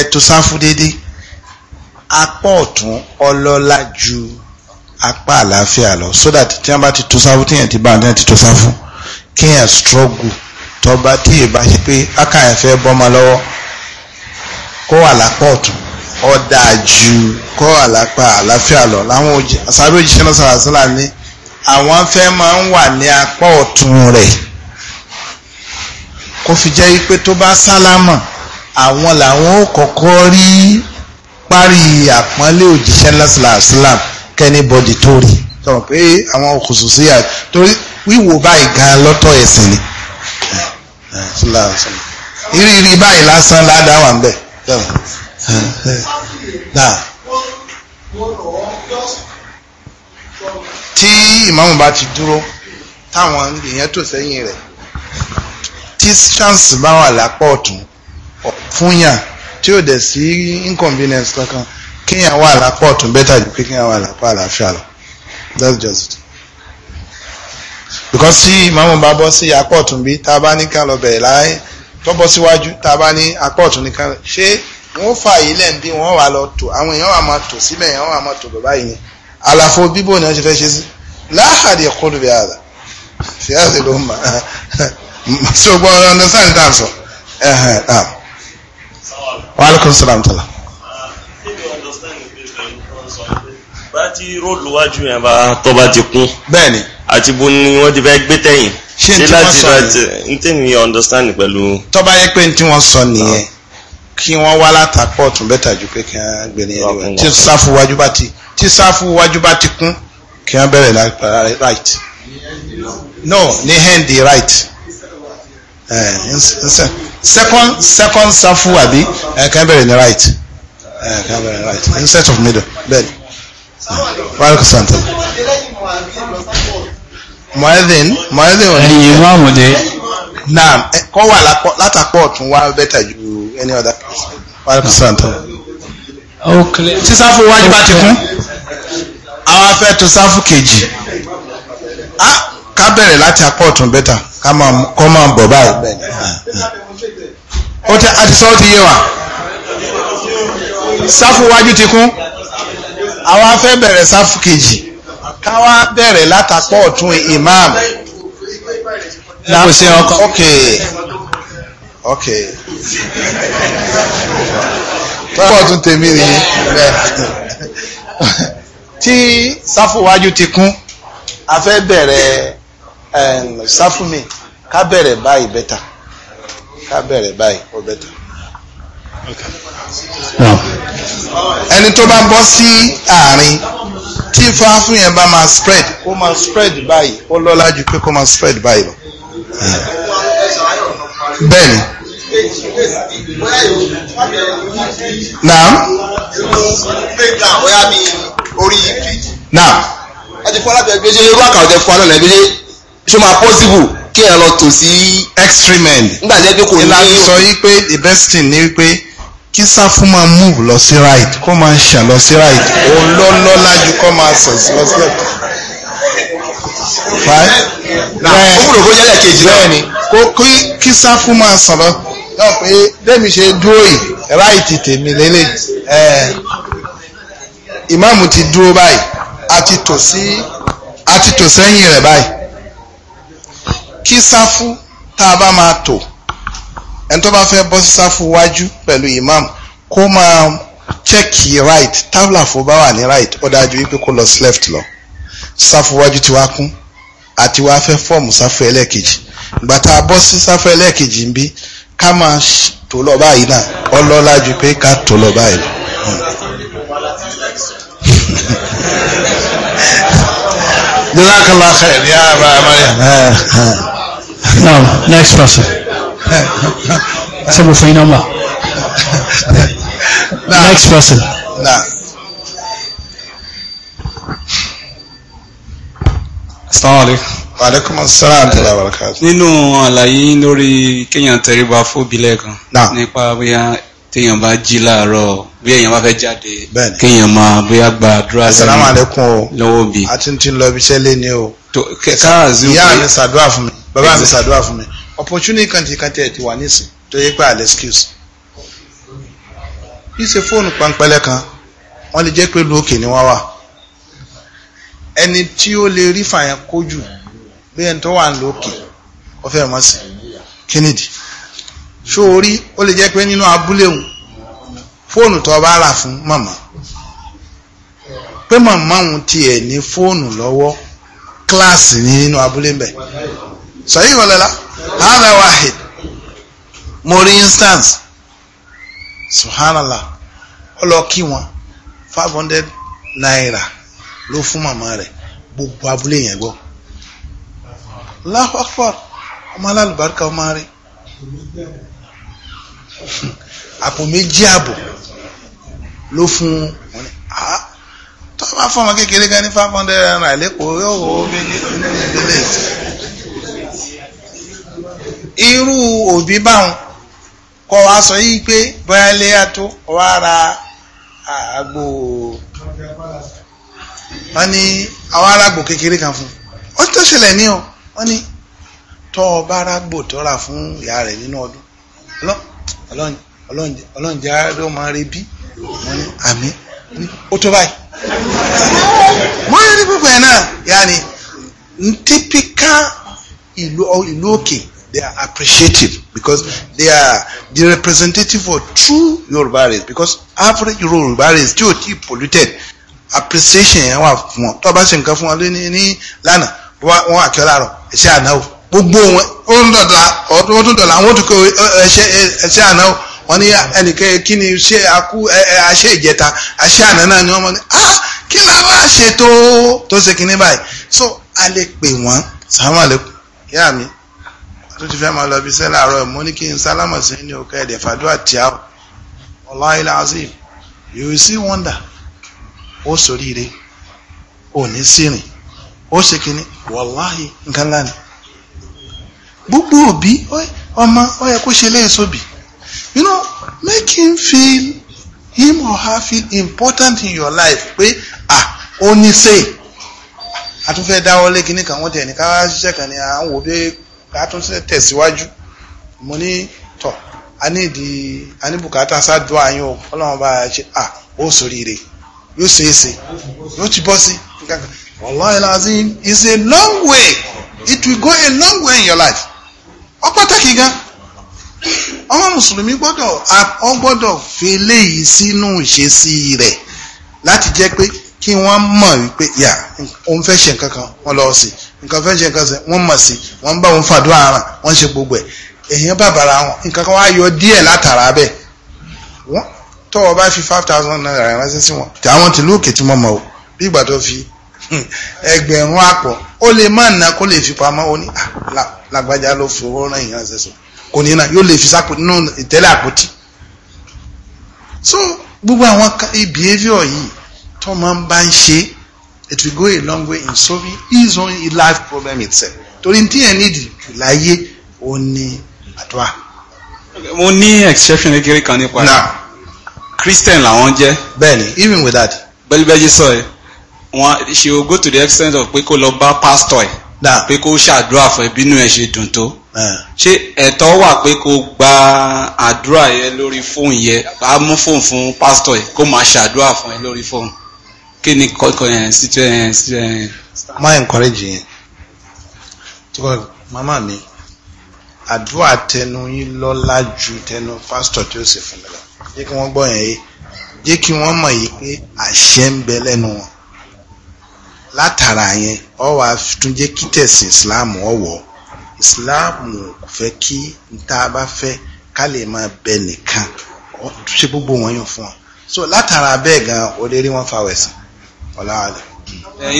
ẹ̀tọ́ sáfù déédéé apá ọ̀tún ọlọ́lá ju apá àlàáfíà lọ so that tí wọ́n bá ti tó sáfù tí yẹn ti bá yẹn ti tó sáfù kí yẹn struggle tọba tí yẹn bá ṣe pé aka yẹn fẹ́ bọ́mọ lọ́wọ́ kó wà lápá ọ̀tún ó dáa jù kó wà lápá àlàáfíà lọ láwọn sábẹ́ òjì sẹ́nà sàràsílà ní àwọn fẹ́ máa ń wà ní apá ọ̀tún rẹ̀ kó fi jẹ́ wípé tó bá sálámà àwọn làwọn ó kọ́kọ́ rí parí àpọ́nlé òjíṣẹ́ lásìlàsílàmù kẹ́nìbọ̀dì tó rí sọ̀rọ̀ pé àwọn òkùnsù sí à torí wíwò báyìí gan lọ́tọ̀ ẹ̀sìn ni ìrírí báyìí lásán ládàá wà ń bẹ̀. tí ìmáàmù bá ti dúró táwọn èèyàn tò sẹ́yìn rẹ̀ tí chance bá wà lápá ọ̀tún fún yàn tí ò dẹ̀ sí inconvenience kankan kíyàn wà lápá ọ̀tún bẹ́tà jù pé kíyàn wà lápá àlàáfíà lọ that's just it because tí ìmáàmù bá bọ́ sí apá ọ̀tún bí tá a bá ní ká lọ bẹ̀rẹ̀ láyé tó bọ́ síwájú tá a bá ní apá ọ̀tún ní ká lọ ṣé wọ́n fà yí lẹ́ǹ bí wọ́n wà lọ tò àwọn èèyàn wà máa tò síbẹ̀ èèyàn wà máa tò bàbá yìí ni àlàfo bíbò ni wọ́n ti fẹ́ ṣe sí láhàdì ẹ̀kọ́dù bí àdà fi àdì ló mà so gbọ́dọ̀ understand that so. wàhálà kan sọ̀rọ̀ àmì tọ́lá. bá tí róòlù wájú yẹn bá tọ́ bá ti kún bẹ́ẹ̀ni àti bo ni wọ́n ti fẹ́ gbé tẹ̀yìn ṣé láti láti n tèmi understand pẹ̀lú. tọ́ bá yẹ pé n tí wọ́n sọ nìyẹn ah. kí wọ́n wá látàpọ̀ tún bẹ́tà ju pé kí wọ́n gbé ní ẹ̀rọ tí sáfù wájú bá ti tí sáfù wájú bá ti kún kí wọ́n bẹ̀rẹ̀ lápá right no ní hand right eh, second second sáfù àbí eh, kí wọ́n bẹ̀rẹ̀ ní right eh, kí wọ́n bẹ̀rẹ̀ ní right instead of middle bẹ́ẹ̀ni. waalaikumsalam muhammadin muhammadin wọn. naam eh, látàpọ̀ ọ̀tún wá bẹ́tà ju any other place waalaikumsalam. sísáfù wájú bá ti kún àwọn afẹ́ tó sáfù kejì ah, ká bẹ̀rẹ̀ láti apọ̀ ọ̀tún bẹ́tà ká máa bọ̀ báyìí. ó ti sọ ó ti yé wa sáfù wájú ti kún. àwa fẹ́ bẹ̀rẹ̀ sáfù kejì káwa bẹ̀rẹ̀ látàpọ̀ ọ̀tún imam. lápòsí ọkọ. ok ok. pọ̀ tún tèmi rí tí sáfù wájú ti kún a fẹ́ bẹ̀rẹ̀ sáfù mi ká bẹ̀rẹ̀ báyìí bẹ́tà ká bẹ̀rẹ̀ báyìí ó bẹ́tà ẹni tó bá bọ́ sí àárín tí fáfún yẹn bá máa spread kó máa spread báyìí ó lọ́lá ju pé kó máa spread báyìí lọ. bẹ́ẹ̀ni. naam. naam. àti fọlá bẹ̀rẹ̀ gbèsè irú àkàwọ̀ tẹ fún alọ́ nàìjíríà extreme end. ìlànà sọ yìí pé the best thing ni wípé kí sáfù máa move lọ sí right kó máa ṣàn lọ sí right òun ló lọ́lá ju kó máa sàn lọ sí right. bẹ́ẹ̀ kó kí sáfù máa sàn lọ náà pé dẹ́mi ṣe dúró yìí right tèmi lélẹ̀ ìmáàmù ti dúró báyìí àti tò sí àti tò sẹ́yìn rẹ̀ báyìí kí sáfù tá a bá máa tò ẹni tó bá fẹ́ bọ́ sí sáfù wájú pẹ̀lú imam kó máa chẹ́kì right tábìlà fún bá wà ní right ó dájú wípé kó lọ sí left lọ sáfù wájú ti wá kún àti wá fẹ́ fọ́ọ̀mù sáfù ẹlẹ́ẹ̀kejì ìgbà tá a bọ́ sí sáfù ẹlẹ́ẹ̀kejì ń bí ká máa tó lọ báyìí náà ọlọ́lá ju pé ká tó lọ báyìí lọ. Jazakallah khair ya Aba Maryam. Now, next person ṣe mo fún yín nọ́mbà next person. Nah. Nínú àlàyé lórí kéèyàn tẹríba fóbilẹ̀ kan. Nípa bóyá téèyàn bá jí láàárọ̀ bí èèyàn bá fẹ́ jáde. Kéèyàn máa bóyá gba àdúrà lọ́wọ́ bí. Ìyá mi ṣàdúrà fún mi. Bàbá mi ṣàdúrà fún mi opportunity kan ti kan tẹ̀ ti wà nísìn tó yẹ pé àlẹ́ skills ìṣe fóònù pańpẹ́lẹ́ kan wọ́n lè jẹ́ pé lókè ni wọ́n wà ẹni tí ó lè rí fàyàn kójú bí ẹni tó wà lókè ọfẹ́ mọ́ sí kennedy ṣó orí ó lè jẹ́ pé nínú abúlé òun fóònù tó bá rà fún màmá pé màmá òun tiẹ̀ ní fóònù lọ́wọ́ kíláàsì nínú abúlé ń bẹ̀ sọ yìí wọlé la. So, hada wahid mo instance subhanallah ó wọn five hundred naira ló fún màmá rẹ̀ gbogbo abúlé yẹn gbọ́ Allahu ọmọ alálùbáríkà ọmọ rẹ̀ àpò méjì àbò ló fún wọn ni ah bá kékeré gan five naira lẹ́kọ̀ọ́ yóò irú òbí báwọn kọ́ wa sọ yìí pé bóyá léyà tó wá ra àgbò wọ́n ní àwọn arágbò kékeré kan fún ó tó ṣẹlẹ̀ ní ọ wọ́n ní tọ́ ọba arágbò tó rà fún ìyá rẹ̀ nínú ọdún ọlọ́njẹ́ ààrẹ ọmọ rẹ bí wọ́n ní àmì ó tó báyìí they are appreciative because they are the representative for true Yorùbá race because average Yorùbá race tí o ti polluted appreciation yẹn wà fún wọn tó ṣe nǹkan fún wọn lónìí ní lánàá wọn àkẹ́ láàárọ̀ ẹ̀ṣẹ́ àná o gbogbo wọn ó ń dọ̀dọ̀ ọdún tó dọ̀là àwọn tó kọ ẹ̀ṣẹ́ àná o wọn ní ẹnìkan kí ni ṣe akú àṣẹ ìjẹta àṣẹ àná náà ni wọn mọ ní ah kí làwọn àṣẹ tó tó ṣe kinní báyìí so a lè pè wọn sàmúlẹ̀ kí àmì tó ti fẹ́ máa lọ bí sẹ́lá àárọ̀ ní kí n sálámọ̀ sí ní òkè ẹ̀dẹ̀ fàdúrà tíá wallahi alazim you will see wonder ó ṣoríire ò ní sírìn ó ṣe kínní wallahi nǹkan ńlá ni gbogbo òbí ọmọ ó yẹ kó ṣe léèso bì you know make him feel him or her feel important in your life pé ah ó ní sè àtúnfẹ́ dáwọ́lé kínní kan wọ́n tẹ̀ ní ká ṣiṣẹ́ kan ní à ń wò bẹ́ẹ̀ ká tún tẹ̀síwájú mo ní tọ̀ a ní ìdí a ní bùkátà sádùn àyàn o ọlọ́run bá ṣe à ó sòríire yóò ṣe é ṣe yóò ti bọ́ sí wallahi lazim is a long way it will go a long way in your life ọ pàtàkì gan ọmọ mùsùlùmí gbọ́dọ̀ ọ gbọ́dọ̀ fele yìí sínú ìṣesí rẹ̀ láti jẹ́ pé kí wọ́n mọ̀ wípé yà òun fẹ́ ṣe nǹkan kan wọ́n lọ sí i nǹkan fẹ́ ṣe nǹkan sẹ́ wọ́n mọ̀ sí wọ́n bá wọn fàdó àràn wọ́n ṣe gbogbo ẹ̀ èèyàn bàbàrà wọn nǹkan kan wá yọ díẹ̀ látara bẹ́ẹ̀ wọ́n tọ́ ọ fi five thousand naira ránṣẹ́ sí wọn tí àwọn tìlú òkè tí mo mọ̀ o bí ìgbà tó fi hmm, ẹgbẹ̀rún àpọ̀ ó lè má nà kó lè fi pamọ́ ó ní ah, làgbájá ló fi owó rán ìyàn ṣẹṣọ kò ní nà yóò lè fi sápò nínú ìtẹ́lẹ̀ àpótí. so gbogbo àwọn behaviour yìí tó máa ń bá ń ṣe é it will go a long way in solving his own life problem itself torí tí ẹ nídìí jù láyé ó ní àdúrà. mo ní exception kékeré kan nípa rẹ̀ christian làwọn jẹ́. bẹ́ẹ̀ni even with that. bẹ́líbẹ́jì sọ ẹ wọn she will go to the extent of pé kó lọ bá pastor ẹ pé kó ṣàdúrà fún ẹ bínú ẹ ṣe dùn tó ah. ṣé ẹ̀tọ́ wà pé kó gba àdúrà yẹ lórí fóònù yẹ bá mú fóònù fún pásítọ̀ yẹ kó máa ṣàdúrà fún ẹ lórí fóònù kí ni kọ́kọ́ yẹn síjọ́ yẹn síjọ́ yẹn. má encourage yẹn màmá mi àdúrà tẹnu yín lọ́lá ju tẹnu pásítọ̀ tí ó sì fún mi lọ jẹ́ kí wọ́n gbọ́ yẹn yé jẹ́ kí wọ́n mọ̀ yìí pé àṣẹ ń bẹ lẹ́nu wọn látara yẹn ọ wàá tún jẹ́ kí tẹ̀sìn Islam ọ̀wọ́ Islam kò fẹ́ kí n tá a bá fẹ́ ká lè máa bẹ nìkan ṣé gbogbo wọn yàn fún wọn so látara bẹ́ẹ̀ gan-an ó lè rí wọn fa wẹ̀sán ọ̀la àlẹ́.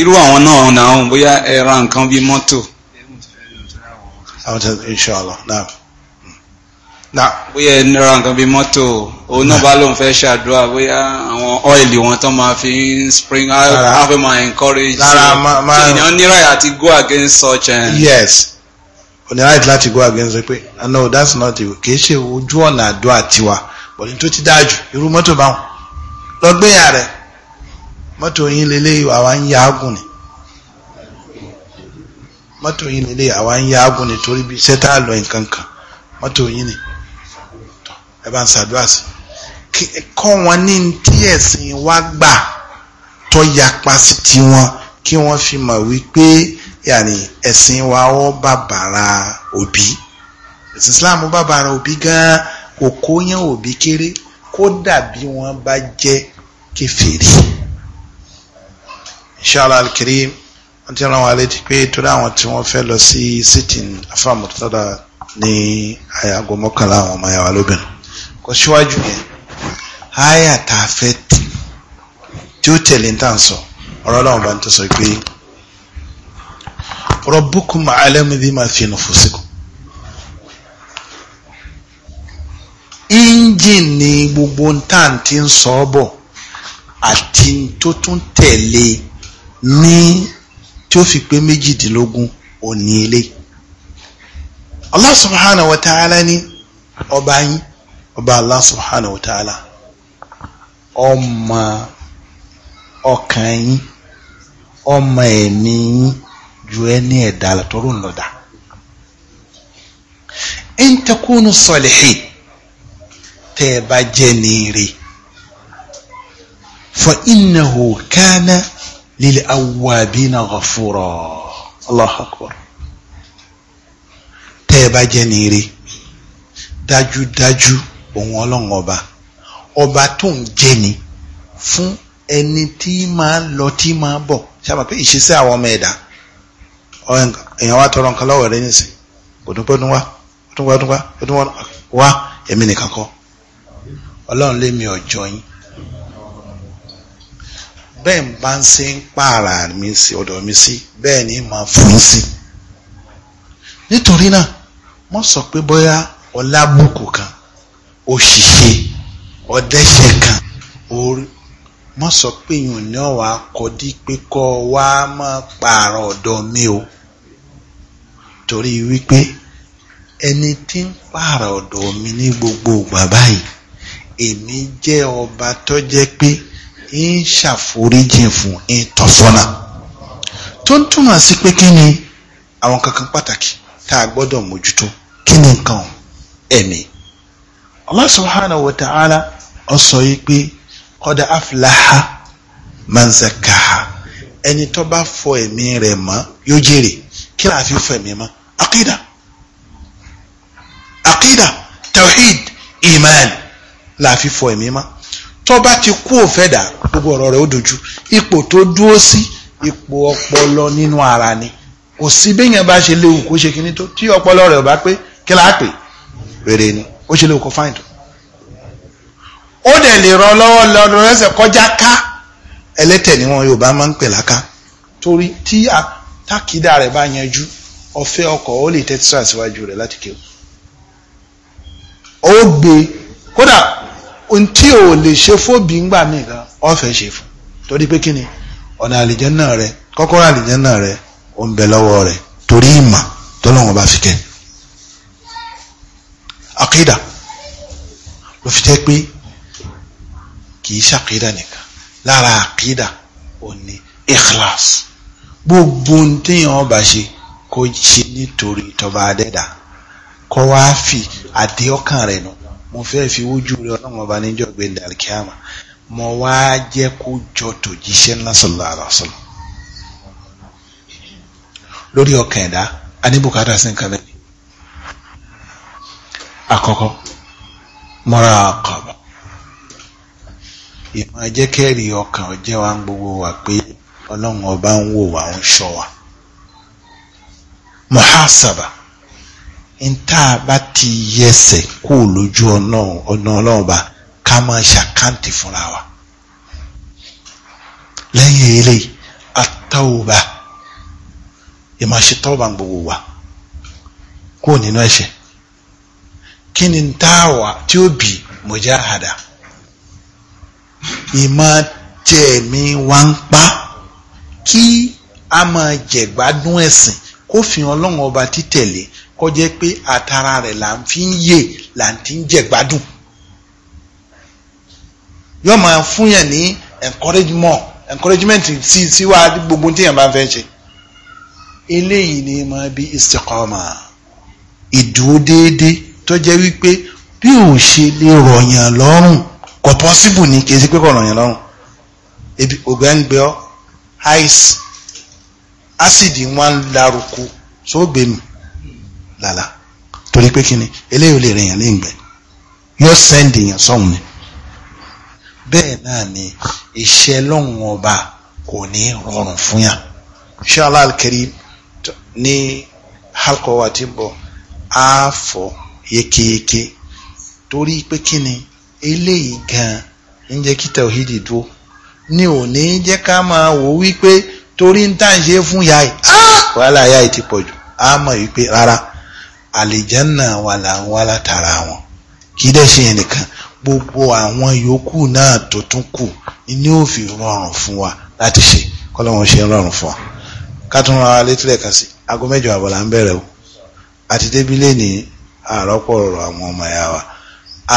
irú àwọn náà náà bóyá ẹ ra nǹkan bíi mọ́tò. àwọn tẹ inṣàlá náà. náà. bóyá ẹ ra nǹkan bíi mọ́tò òun náà bá lóun fẹ́ ṣàdúrà bóyá àwọn ọ́ìlì wọn tán máa fi ń spring out fẹ́ máa encourage. lára máa máa èèyàn ní right àti go against such. Eh? yes o ní right láti go against pé no that's not the way kì í ṣe ojú ọ̀nà àdúrà tiwa bọ̀dé tó ti dáa jù irú mọ́tò báwọn lọ gbé yàrá rẹ̀ mọ́tò yín lélẹ́yìí àwa ń yágùn ni mọ́tò yín lélẹ́yìí àwa ń yágùn ni torí bí iṣẹ́ tá a lọ nǹkan kan mọ́tò yín ni ẹ bá ń ṣàdúrà sí kọ́ wọn ní tí ẹ̀sìn wa gbà tó yapa sí tiwọn kí wọ́n fi mọ̀ wípé ẹ̀sìn wa ó bàbàrà òbí ẹ̀sìn Islam bàbàrà òbí gan-an kò kó òbí kéré kódà bí wọ́n bá jẹ́ kèfèrí inshallah al-karim wọ́n ti rán wa létí pé torí àwọn tí wọ́n fẹ́ lọ sí sitin afamurtada ní àyàgò mọ́kànlá àwọn ọmọ yàrá lóbìnrin kò síwájú yẹn àyà tá a fẹ́ tì tí ó tẹ̀lé tá à ń sọ ọ̀rọ̀ ọlọ́run bá ń tó sọ pé rabbukum a'lamu bima fi nufusikum injin ni gbogbo ntàntí ń sọ ọ bọ̀ àti tó tún ní tí ó fi pé méjìdínlógún òní eléyìí Allah subhanahu wa ta'ala ni ọba yín ọba Allah subhanahu wa ta'ala ọmọ ọkàn yín ọmọ ẹ̀mí yín ju ẹni ẹ̀dá àlàtọ́rọ̀ ńlọ́dà in takunu salihin tẹ́ ẹ bá jẹ́ ní rí fa innahu kana للأوابين غفورا الله أكبر akbar جنيري ẹ bá jẹ́ nìire dájúdájú òun ọlọ́run ọba ọba tó ń jẹni fún ẹni tí máa lọ tí máa bọ̀ sábà pé ìṣesẹ́ àwọn ọmọ ẹ̀dá èèyàn wá tọrọ nǹkan lọ́wọ́ rẹ nísìn kò dúpẹ́ dún wá dún wá dún wá dún wá wá èmi nìkan kọ́ ọlọ́run lé mi ọ̀jọ́ yín bẹ́ẹ̀ ń bá ń ṣe ń pààrà mi sí ọ̀dọ̀ mi sí bẹ́ẹ̀ ni màá fún un sí. nítorí náà wọ́n sọ pé bóyá ọlábùkù kan òṣìṣẹ́ ọ̀dẹ́ṣẹ̀ kan orí wọ́n sọ pé yìnyín náà wàá kọ́dí pé kọ́ wa máa pààrọ̀ ọ̀dọ̀ mi o torí wípé ẹni tí ń pààrọ̀ ọ̀dọ̀ mi ní gbogbo ìgbà báyìí èmi jẹ́ ọba tó jẹ́ pé ń ṣàforíjì fún ń tọ̀sọ́nà tó ń túmọ̀ sí pé kí ni àwọn kankan pàtàkì tá a gbọ́dọ̀ mójútó kí ni nǹkan ẹ̀mí Allah subhanahu wa ta'ala ó sọ yìí pé qad aflaha man zakkaha ẹni tó bá fọ ẹ̀mí rẹ̀ mọ́ yóò jèrè kí láà fi fọ ẹ̀mí mọ́ aqida aqida tawhid iman láà fi fọ ẹ̀mí mọ́ tó bá ti kú òfẹ́dà gbogbo ọ̀rọ̀ rẹ̀ ó dojú ipò tó dúró sí ipò ọpọlọ nínú ara ni kò sí béèyàn bá ṣe léwu kó ṣe kíní tó tí ọpọlọ rẹ̀ ò bá pé kí láà pè rere ni ó ṣe léwu kó fáìn tó. ó dẹ̀ lè ràn lọ́wọ́ lọ́dún rẹ́sẹ̀ kọjá ká ẹlẹ́tẹ̀ ni wọn Yorùbá máa ń pè láká torí tí àtàkìdá rẹ̀ bá yanjú ọ̀fẹ́ ọkọ̀ ó lè tẹ́tísà síwájú rẹ̀ láti kéwù. ó gbé kódà ohun tí o lè ṣe fóbi ńgbà míì ọ̀fẹ́ ṣe fún torí pé kí ni ọ̀nà àlìjẹ́nà rẹ kọ́kọ́rọ́ àlìjẹ́nà rẹ ó ń bẹ lọ́wọ́ rẹ torí ìmọ̀ tọ́lọ́wọ́n bá fi kẹ́ àkídà ló fi jẹ́ pé kì í ṣàkídà nìkan lára àkídà ò ní ikhlas gbogbo ohun téèyàn ọba ṣe kó ṣe nítorí tọba adẹ́dà kó wá fi àdéhọ́kàn rẹ̀ nù. No mo fẹ́ fi wójú rẹ ọlọ́run ọba níjọ́ gbẹ̀ndẹ̀ alikiyama mo wá jẹ́ kó jọ tó jíṣẹ́ ńlá sallallahu alaihi wasallam lórí ọkàn ẹ̀dá aníbùkátà sí nǹkan mẹ́rin àkọ́kọ́ mọ́ra ọkọ̀ọ̀bọ̀ ìmọ̀ jẹ́ kẹ́rì ọkàn ọjẹ́ wa ń gbogbo wa pé ọlọ́run ọba ń wò wá ń ṣọ́ wa muhasaba níta bá ti yẹsẹ̀ kó lójú ọ̀nà ọ̀nà ọlọ́run bá ká máa ṣàkáǹtì fúnra wa lẹ́yìn eléyìí àtàwùbá ìmọ̀ọ́ṣe bá ń gbogbo wa kó nínú ẹ̀ṣẹ̀ kí ni táwa tí ó bì mujahada ìmọ̀ tẹ̀mí wá ń pa kí a máa jẹ̀gbádùn ẹ̀sìn kó fi hàn ọba títẹ̀lé kó jẹ́ pé àtàrà rẹ̀ là ń fi ń yè là ń ti ń jẹ gbádùn yóò máa fún yàn ní encouragement encouragement sí síwá gbogbo tí yàn bá ń fẹ́ ṣe eléyìí ni máa bí istiqama ìdúró déédéé tó jẹ́ wípé bí ò ṣe lè rọ̀yàn lọ́rùn kò pọ́síbù ní kí n sí pé kò rọ̀yàn lọ́rùn ebi ògbẹ́ngbẹ́ ọ́ ice acid wọn ń laruku sóògbé mi. So Lala, torí pé kíni eléyìí ò lè rìn yàn léǹgbẹ yóò sẹ́ndì yàn sọ́hun ni bẹ́ẹ̀ náà ni iṣẹ́ lọ́hùn ọba kò ní rọrùn fún yàn inshallah al-karim ní halkọ wa ti bọ̀ á fọ yékéyéké torí pé kíni eléyìí gan ń jẹ́ kí tawhidi dúró ni ò ní jẹ́ ká máa wò wípé torí ń tà ṣe fún yáì ah! wàhálà yáì ti pọ̀ jù á mọ̀ wípé rárá àlìjánà wà là ń wá látara wọn kì í dẹ̀ ṣe ẹnìkan gbogbo àwọn yòókù náà tó tún kù ni ó fi rọrùn fún wa láti ṣe kọ́lọ́wọ́n ṣe ń rọrùn fún wa ká tún ra létí lẹ́ẹ̀kan sí aago mẹ́jọ àbọ̀ ń bẹ̀rẹ̀ o àti débílẹ̀ ní àrọ́pọ̀ ọ̀rọ̀ àwọn ọmọ ẹ̀yà wa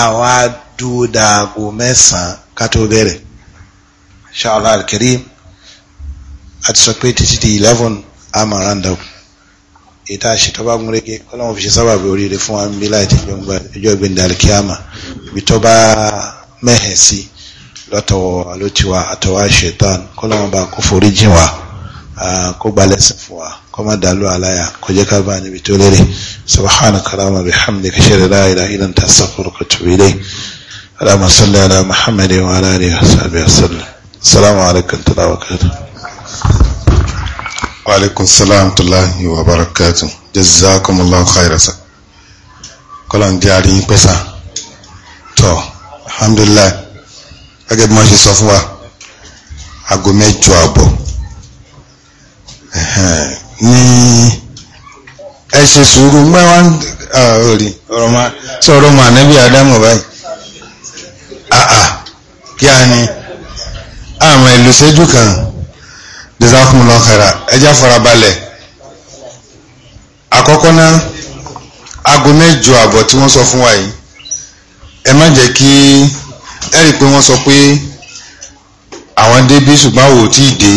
àwa dúró da aago mẹ́sàn-án ká tó bẹ̀rẹ̀ ṣáàlá alkarim àti sọ pé títí di eleven amarandabu èyí tá a ṣe tó bá gún régé ọlọ́run fi ṣe sábàbí oríire fún wa ń bí láì tẹ̀jọ́ gba ẹjọ́ ìgbéǹda alikiyama ibi tó bá mẹ́hẹ̀ sí lọ́tọ̀wọ̀ àlótiwa àtọwà ṣetán kọ́lọ́run bá kó forí jìn wá kó gba lẹ́sìn fún wa kó má dàlú àláyà kó jẹ́ ká bá níbi tó lérè subhanaka Allahumma bihamdika ashhadu an la ilaha illa anta astaghfiruka wa atubu ilayk اللهم صل على محمد وعلى اله وصحبه وسلم السلام عليكم ورحمه الله وبركاته waaleykum salaam tulahi wa barakatu jazakumullahu khairan sa kọlọn jaari yín pẹ́sà tọ́ alhamdulilayi gẹ́gẹ́ bí wọ́n ṣe sọ fún wa aago mẹ́jọ àbọ̀ ní ẹ ṣe sùúrù mẹ́ wọ́n rí sọ̀rọ̀ mọ́ ànábì ádámù báyìí àà kí a ní àmọ́ ìlú ṣẹ́jú kan jazakumullahu khairan ẹjá farabalẹ̀ àkọ́kọ́ náà aago mẹ́jọ àbọ̀ tí wọ́n sọ fún wa yìí ẹ má jẹ́ kí ẹ rí i pé wọ́n sọ pé àwọn débí ṣùgbọ́n àwọn tí ì dé.